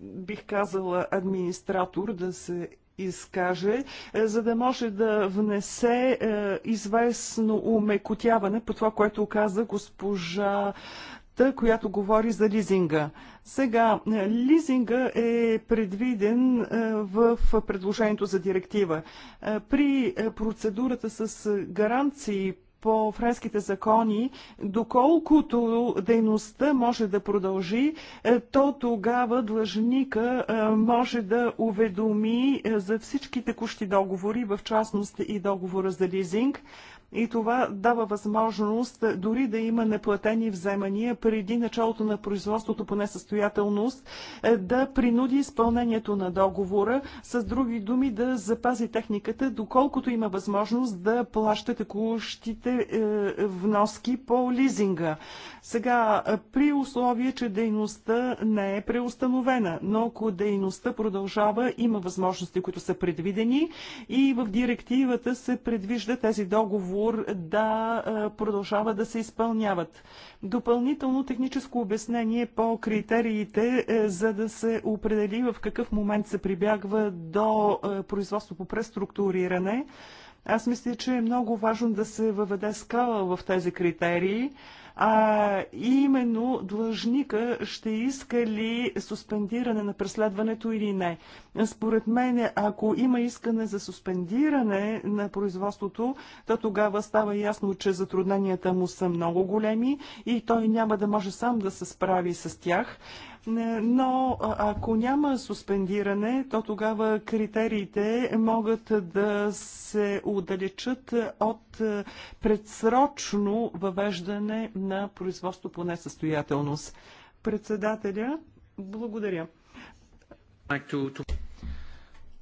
бих казала, администратор да се изкаже, е, за да може да внесе известно умекотяване по това, което каза госпожа която говори за лизинга. Сега, лизинга е предвиден в предложението за директива. При процедурата с гаранции по френските закони, доколкото дейността може да продължи, е, то тогава длъжника е, може да уведоми е, за всички текущи договори, в частност и договора за лизинг, и това дава възможност дори да има неплатени вземания преди началото на производството по несъстоятелност, е, да принуди изпълнението на договора, с други думи да запази техниката, доколкото има възможност да плаща текущите е, вноски по лизинга. Сега, е, при условие, че дейността не е преустановена, но ако дейността продължава, има възможности, които са предвидени и в директивата се предвижда тези договори договор да продължава да се изпълняват. Допълнително техническо обяснение по критериите, е, за да се определи в какъв момент се прибягва до производство по преструктуриране. Аз мисля, че е много важно да се въведе скала в тези критерии а именно длъжника ще иска ли суспендиране на преследването или не. Според мен, ако има искане за суспендиране на производството, то тогава става ясно, че затрудненията му са много големи и той няма да може сам да се справи с тях. Но ако няма суспендиране, то тогава критериите могат да се удалечат от предсрочно въвеждане на производство по несъстоятелност. Председателя, благодаря.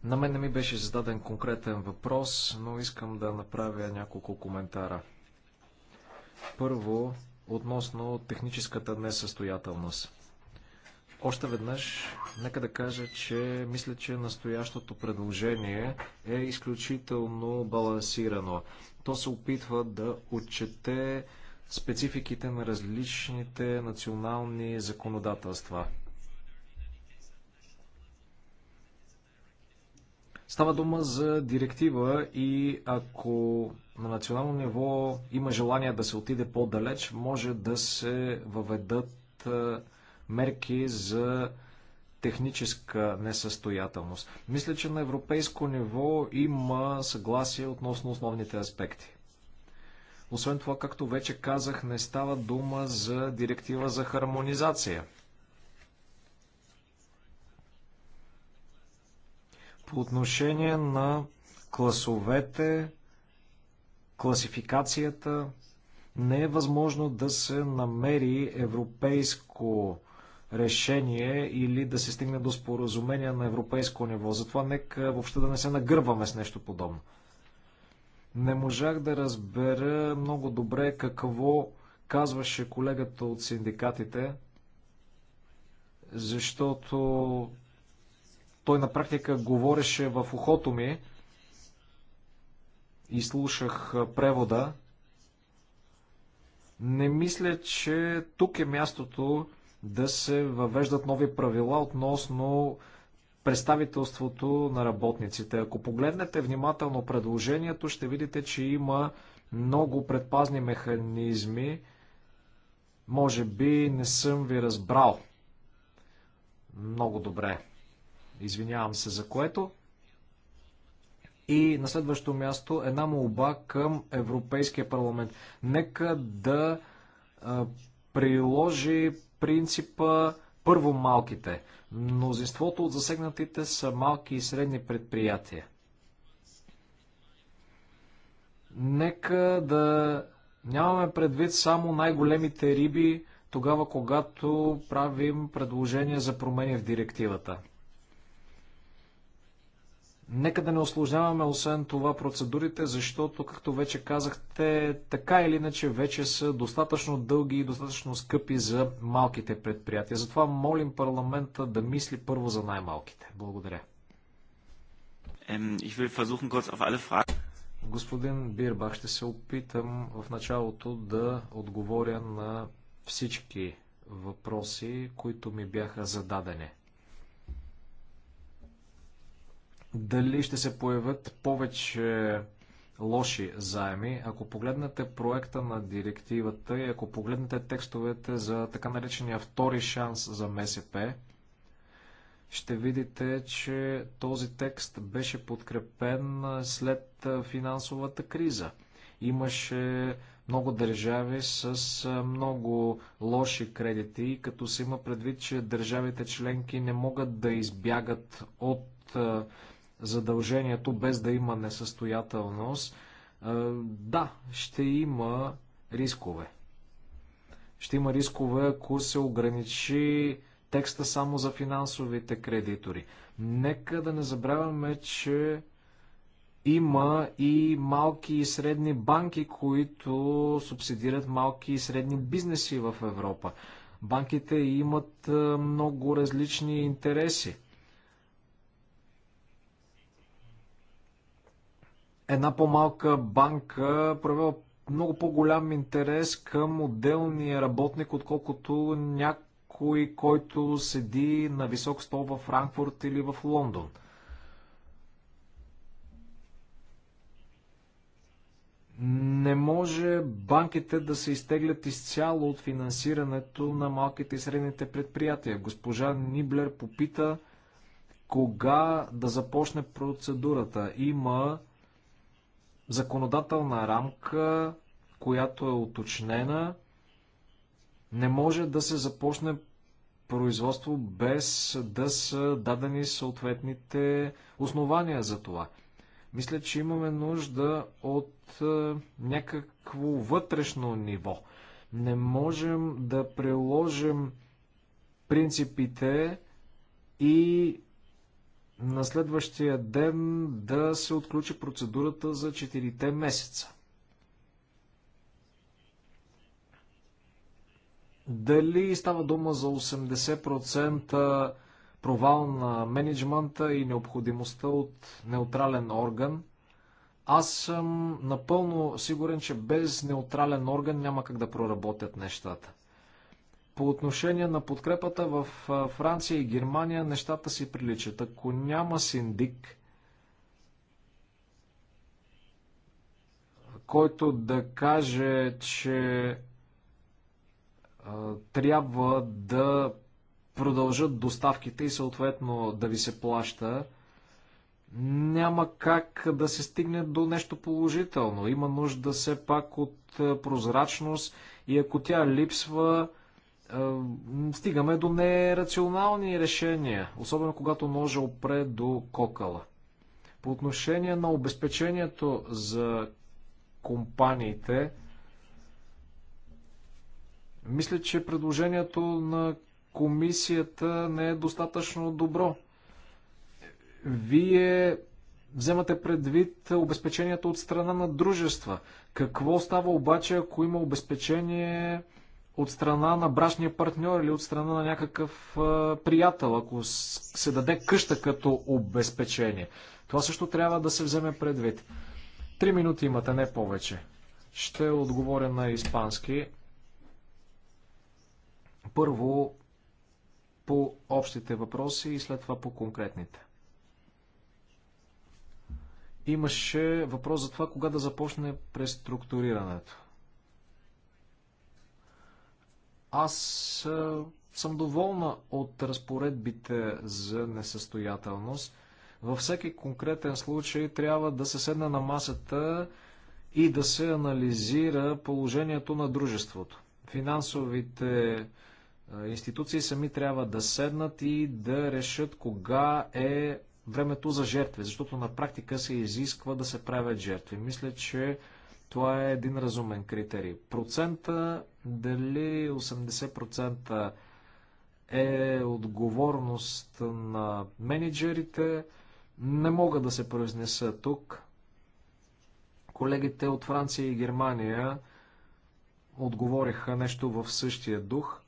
На мен не ми беше зададен конкретен въпрос, но искам да направя няколко коментара. Първо, относно техническата несъстоятелност. Още веднъж, нека да кажа, че мисля, че настоящото предложение е изключително балансирано. То се опитва да отчете спецификите на различните национални законодателства. Става дума за директива и ако на национално ниво има желание да се отиде по-далеч, може да се въведат мерки за техническа несъстоятелност. Мисля, че на европейско ниво има съгласие относно основните аспекти. Освен това, както вече казах, не става дума за директива за хармонизация. По отношение на класовете, класификацията, не е възможно да се намери европейско решение или да се стигне до споразумение на европейско ниво. Затова нека въобще да не се нагърваме с нещо подобно. Не можах да разбера много добре какво казваше колегата от синдикатите, защото той на практика говореше в ухото ми и слушах превода. Не мисля, че тук е мястото да се въвеждат нови правила относно представителството на работниците. Ако погледнете внимателно предложението, ще видите, че има много предпазни механизми. Може би не съм ви разбрал много добре. Извинявам се за което. И на следващо място една молба към Европейския парламент. Нека да а, приложи принципа първо малките. Мнозинството от засегнатите са малки и средни предприятия. Нека да нямаме предвид само най-големите риби, тогава когато правим предложение за промени в директивата. Нека да не осложняваме освен това процедурите, защото, както вече казахте, така или иначе вече са достатъчно дълги и достатъчно скъпи за малките предприятия. Затова молим парламента да мисли първо за най-малките. Благодаря. Господин Бирбах, ще се опитам в началото да отговоря на всички въпроси, които ми бяха зададени. дали ще се появят повече лоши заеми. Ако погледнете проекта на директивата и ако погледнете текстовете за така наречения втори шанс за МСП, ще видите, че този текст беше подкрепен след финансовата криза. Имаше много държави с много лоши кредити, като се има предвид, че държавите членки не могат да избягат от задължението без да има несъстоятелност, да, ще има рискове. Ще има рискове, ако се ограничи текста само за финансовите кредитори. Нека да не забравяме, че има и малки и средни банки, които субсидират малки и средни бизнеси в Европа. Банките имат много различни интереси. една по-малка банка проявява много по-голям интерес към отделния работник, отколкото някой, който седи на висок стол във Франкфурт или в Лондон. Не може банките да се изтеглят изцяло от финансирането на малките и средните предприятия. Госпожа Ниблер попита кога да започне процедурата. Има законодателна рамка, която е уточнена. Не може да се започне производство без да са дадени съответните основания за това. Мисля, че имаме нужда от е, някакво вътрешно ниво. Не можем да приложим принципите и на следващия ден да се отключи процедурата за 4 месеца. Дали става дума за 80% провал на менеджмента и необходимостта от неутрален орган? Аз съм напълно сигурен, че без неутрален орган няма как да проработят нещата. По отношение на подкрепата в Франция и Германия нещата си приличат. Ако няма синдик, който да каже, че трябва да продължат доставките и съответно да ви се плаща, няма как да се стигне до нещо положително. Има нужда все пак от прозрачност и ако тя липсва, стигаме до нерационални решения, особено когато ножа опре до кокала. По отношение на обезпечението за компаниите, мисля, че предложението на комисията не е достатъчно добро. Вие вземате предвид обезпечението от страна на дружества. Какво става обаче, ако има обезпечение от страна на брашния партньор или от страна на някакъв а, приятел, ако се даде къща като обезпечение. Това също трябва да се вземе предвид. Три минути имате, не повече. Ще отговоря на испански. Първо по общите въпроси и след това по конкретните. Имаше въпрос за това кога да започне преструктурирането. Аз е, съм доволна от разпоредбите за несъстоятелност. Във всеки конкретен случай трябва да се седне на масата и да се анализира положението на дружеството. Финансовите е, институции сами трябва да седнат и да решат кога е времето за жертви, защото на практика се изисква да се правят жертви. Мисля, че това е един разумен критерий. Процента, дали 80% е отговорност на менеджерите, не мога да се произнеса тук. Колегите от Франция и Германия отговориха нещо в същия дух.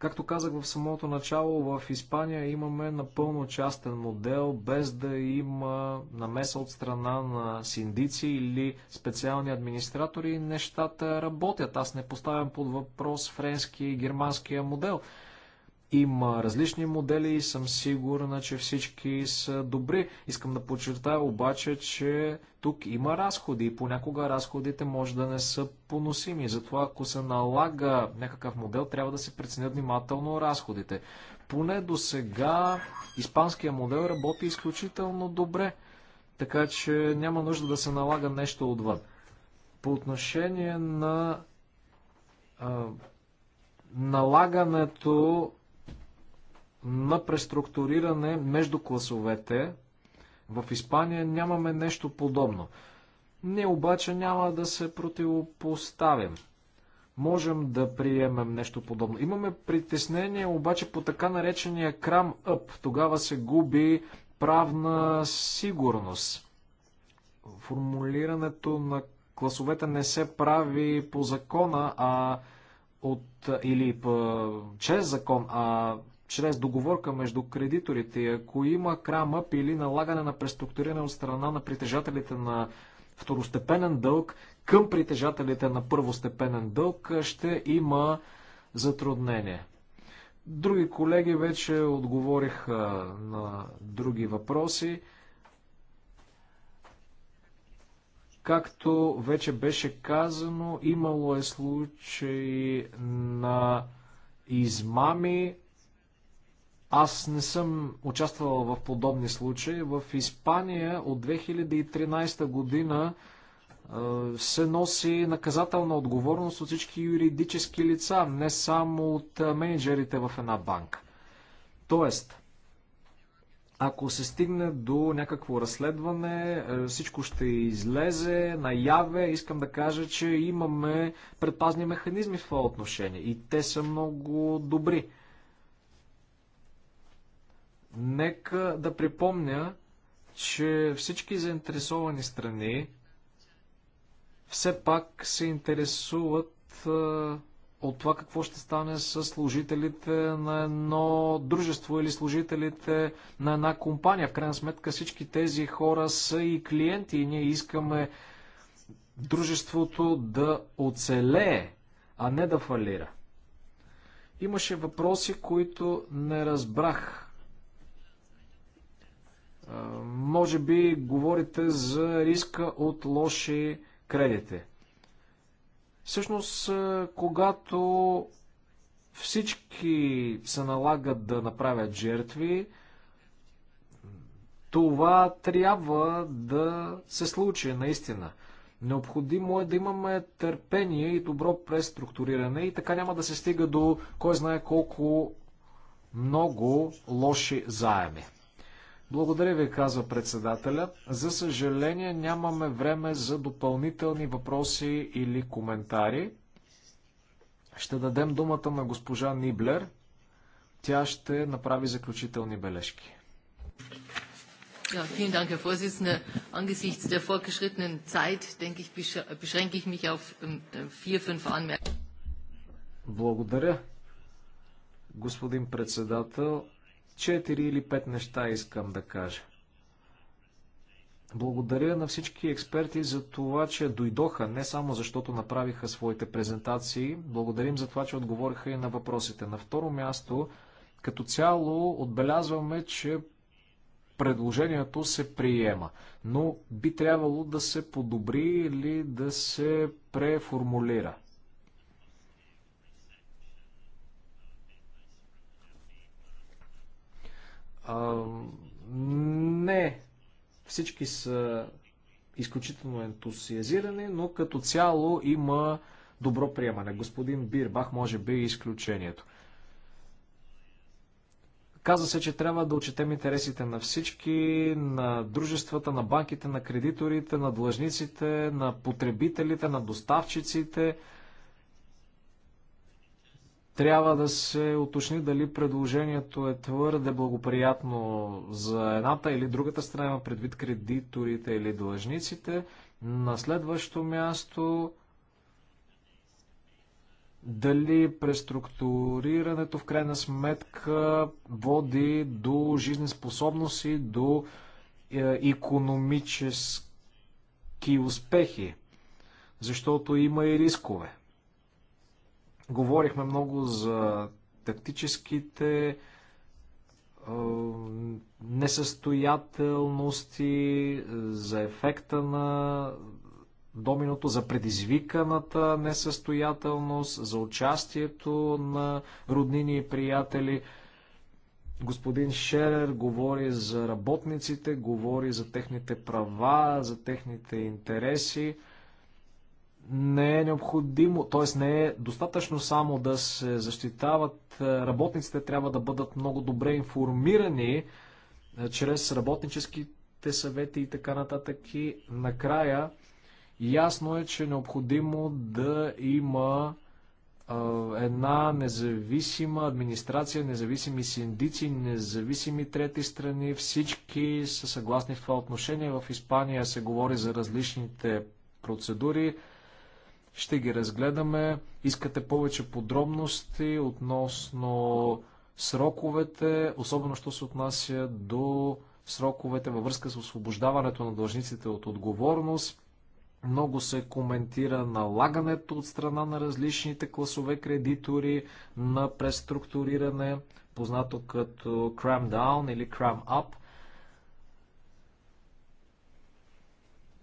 Както казах в самото начало, в Испания имаме напълно частен модел, без да има намеса от страна на синдици или специални администратори. Нещата работят. Аз не поставям под въпрос френския и германския модел. Има различни модели и съм сигурна, че всички са добри. Искам да подчертая обаче, че тук има разходи и понякога разходите може да не са поносими. Затова ако се налага някакъв модел, трябва да се преценят внимателно разходите. Поне до сега испанския модел работи изключително добре, така че няма нужда да се налага нещо отвън. По отношение на налагането на преструктуриране между класовете. В Испания нямаме нещо подобно. Ние обаче няма да се противопоставим. Можем да приемем нещо подобно. Имаме притеснение обаче по така наречения крам ъп. Тогава се губи правна сигурност. Формулирането на класовете не се прави по закона, а от, или по, чрез закон, а чрез договорка между кредиторите. И ако има крамъп или налагане на преструктуриране от страна на притежателите на второстепенен дълг към притежателите на първостепенен дълг, ще има затруднение. Други колеги вече отговориха на други въпроси. Както вече беше казано, имало е случаи на измами, аз не съм участвал в подобни случаи. В Испания от 2013 година се носи наказателна отговорност от всички юридически лица, не само от менеджерите в една банка. Тоест, ако се стигне до някакво разследване, е, всичко ще излезе наяве. Искам да кажа, че имаме предпазни механизми в това отношение и те са много добри. Нека да припомня, че всички заинтересовани страни все пак се интересуват от това какво ще стане с служителите на едно дружество или служителите на една компания. В крайна сметка всички тези хора са и клиенти и ние искаме дружеството да оцелее, а не да фалира. Имаше въпроси, които не разбрах може би говорите за риска от лоши кредити. Всъщност, когато всички се налагат да направят жертви, това трябва да се случи наистина. Необходимо е да имаме търпение и добро преструктуриране и така няма да се стига до кой знае колко много лоши заеми. Благодаря ви, казва председателя. За съжаление нямаме време за допълнителни въпроси или коментари. Ще дадем думата на госпожа Ниблер. Тя ще направи заключителни бележки.
Ja, vielen Dank, Herr Vorsitzender. Angesichts der fortgeschrittenen Zeit, denke ich, beschränke ich mich auf ähm, vier, fünf Anmerkungen.
Благодаря, господин председател. Четири или пет неща искам да кажа. Благодаря на всички експерти за това, че дойдоха, не само защото направиха своите презентации. Благодарим за това, че отговориха и на въпросите. На второ място, като цяло отбелязваме, че предложението се приема, но би трябвало да се подобри или да се преформулира. не всички са изключително ентусиазирани, но като цяло има добро приемане. Господин Бирбах може би е изключението. Каза се, че трябва да отчетем интересите на всички, на дружествата, на банките, на кредиторите, на длъжниците, на потребителите, на доставчиците. Трябва да се уточни дали предложението е твърде благоприятно за едната или другата страна, предвид кредиторите или длъжниците. На следващо място дали преструктурирането в крайна сметка води до жизнеспособност и до економически успехи, защото има и рискове. Говорихме много за тактическите несъстоятелности, за ефекта на доминото, за предизвиканата несъстоятелност, за участието на роднини и приятели. Господин Шерер говори за работниците, говори за техните права, за техните интереси не е необходимо, т.е. не е достатъчно само да се защитават е, работниците, трябва да бъдат много добре информирани е, чрез работническите съвети и така нататък. И накрая ясно е, че е необходимо да има е, една независима администрация, независими синдици, независими трети страни. Всички са съгласни в това отношение. В Испания се говори за различните процедури. Ще ги разгледаме. Искате повече подробности относно сроковете, особено що се отнася до сроковете във връзка с освобождаването на дължниците от отговорност. Много се коментира налагането от страна на различните класове кредитори на преструктуриране, познато като cram down или cram up –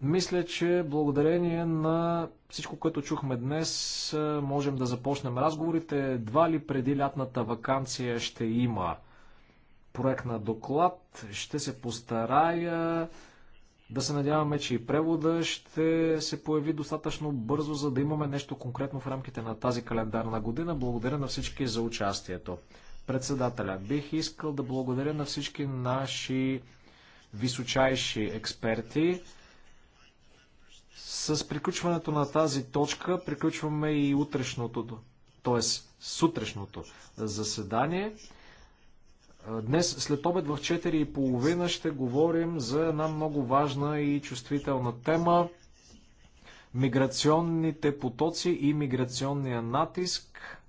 Мисля, че благодарение на всичко, което чухме днес, е, можем да започнем разговорите. Два ли преди лятната вакансия ще има проект на доклад. Ще се постарая да се надяваме, че и превода ще се появи достатъчно бързо, за да имаме нещо конкретно в рамките на тази календарна година. Благодаря на всички за участието. Председателя, бих искал да благодаря на всички наши височайши експерти. С приключването на тази точка приключваме и утрешното, т.е. сутрешното заседание. Днес след обед в 4.30 ще говорим за една много важна и чувствителна тема миграционните потоци и миграционния натиск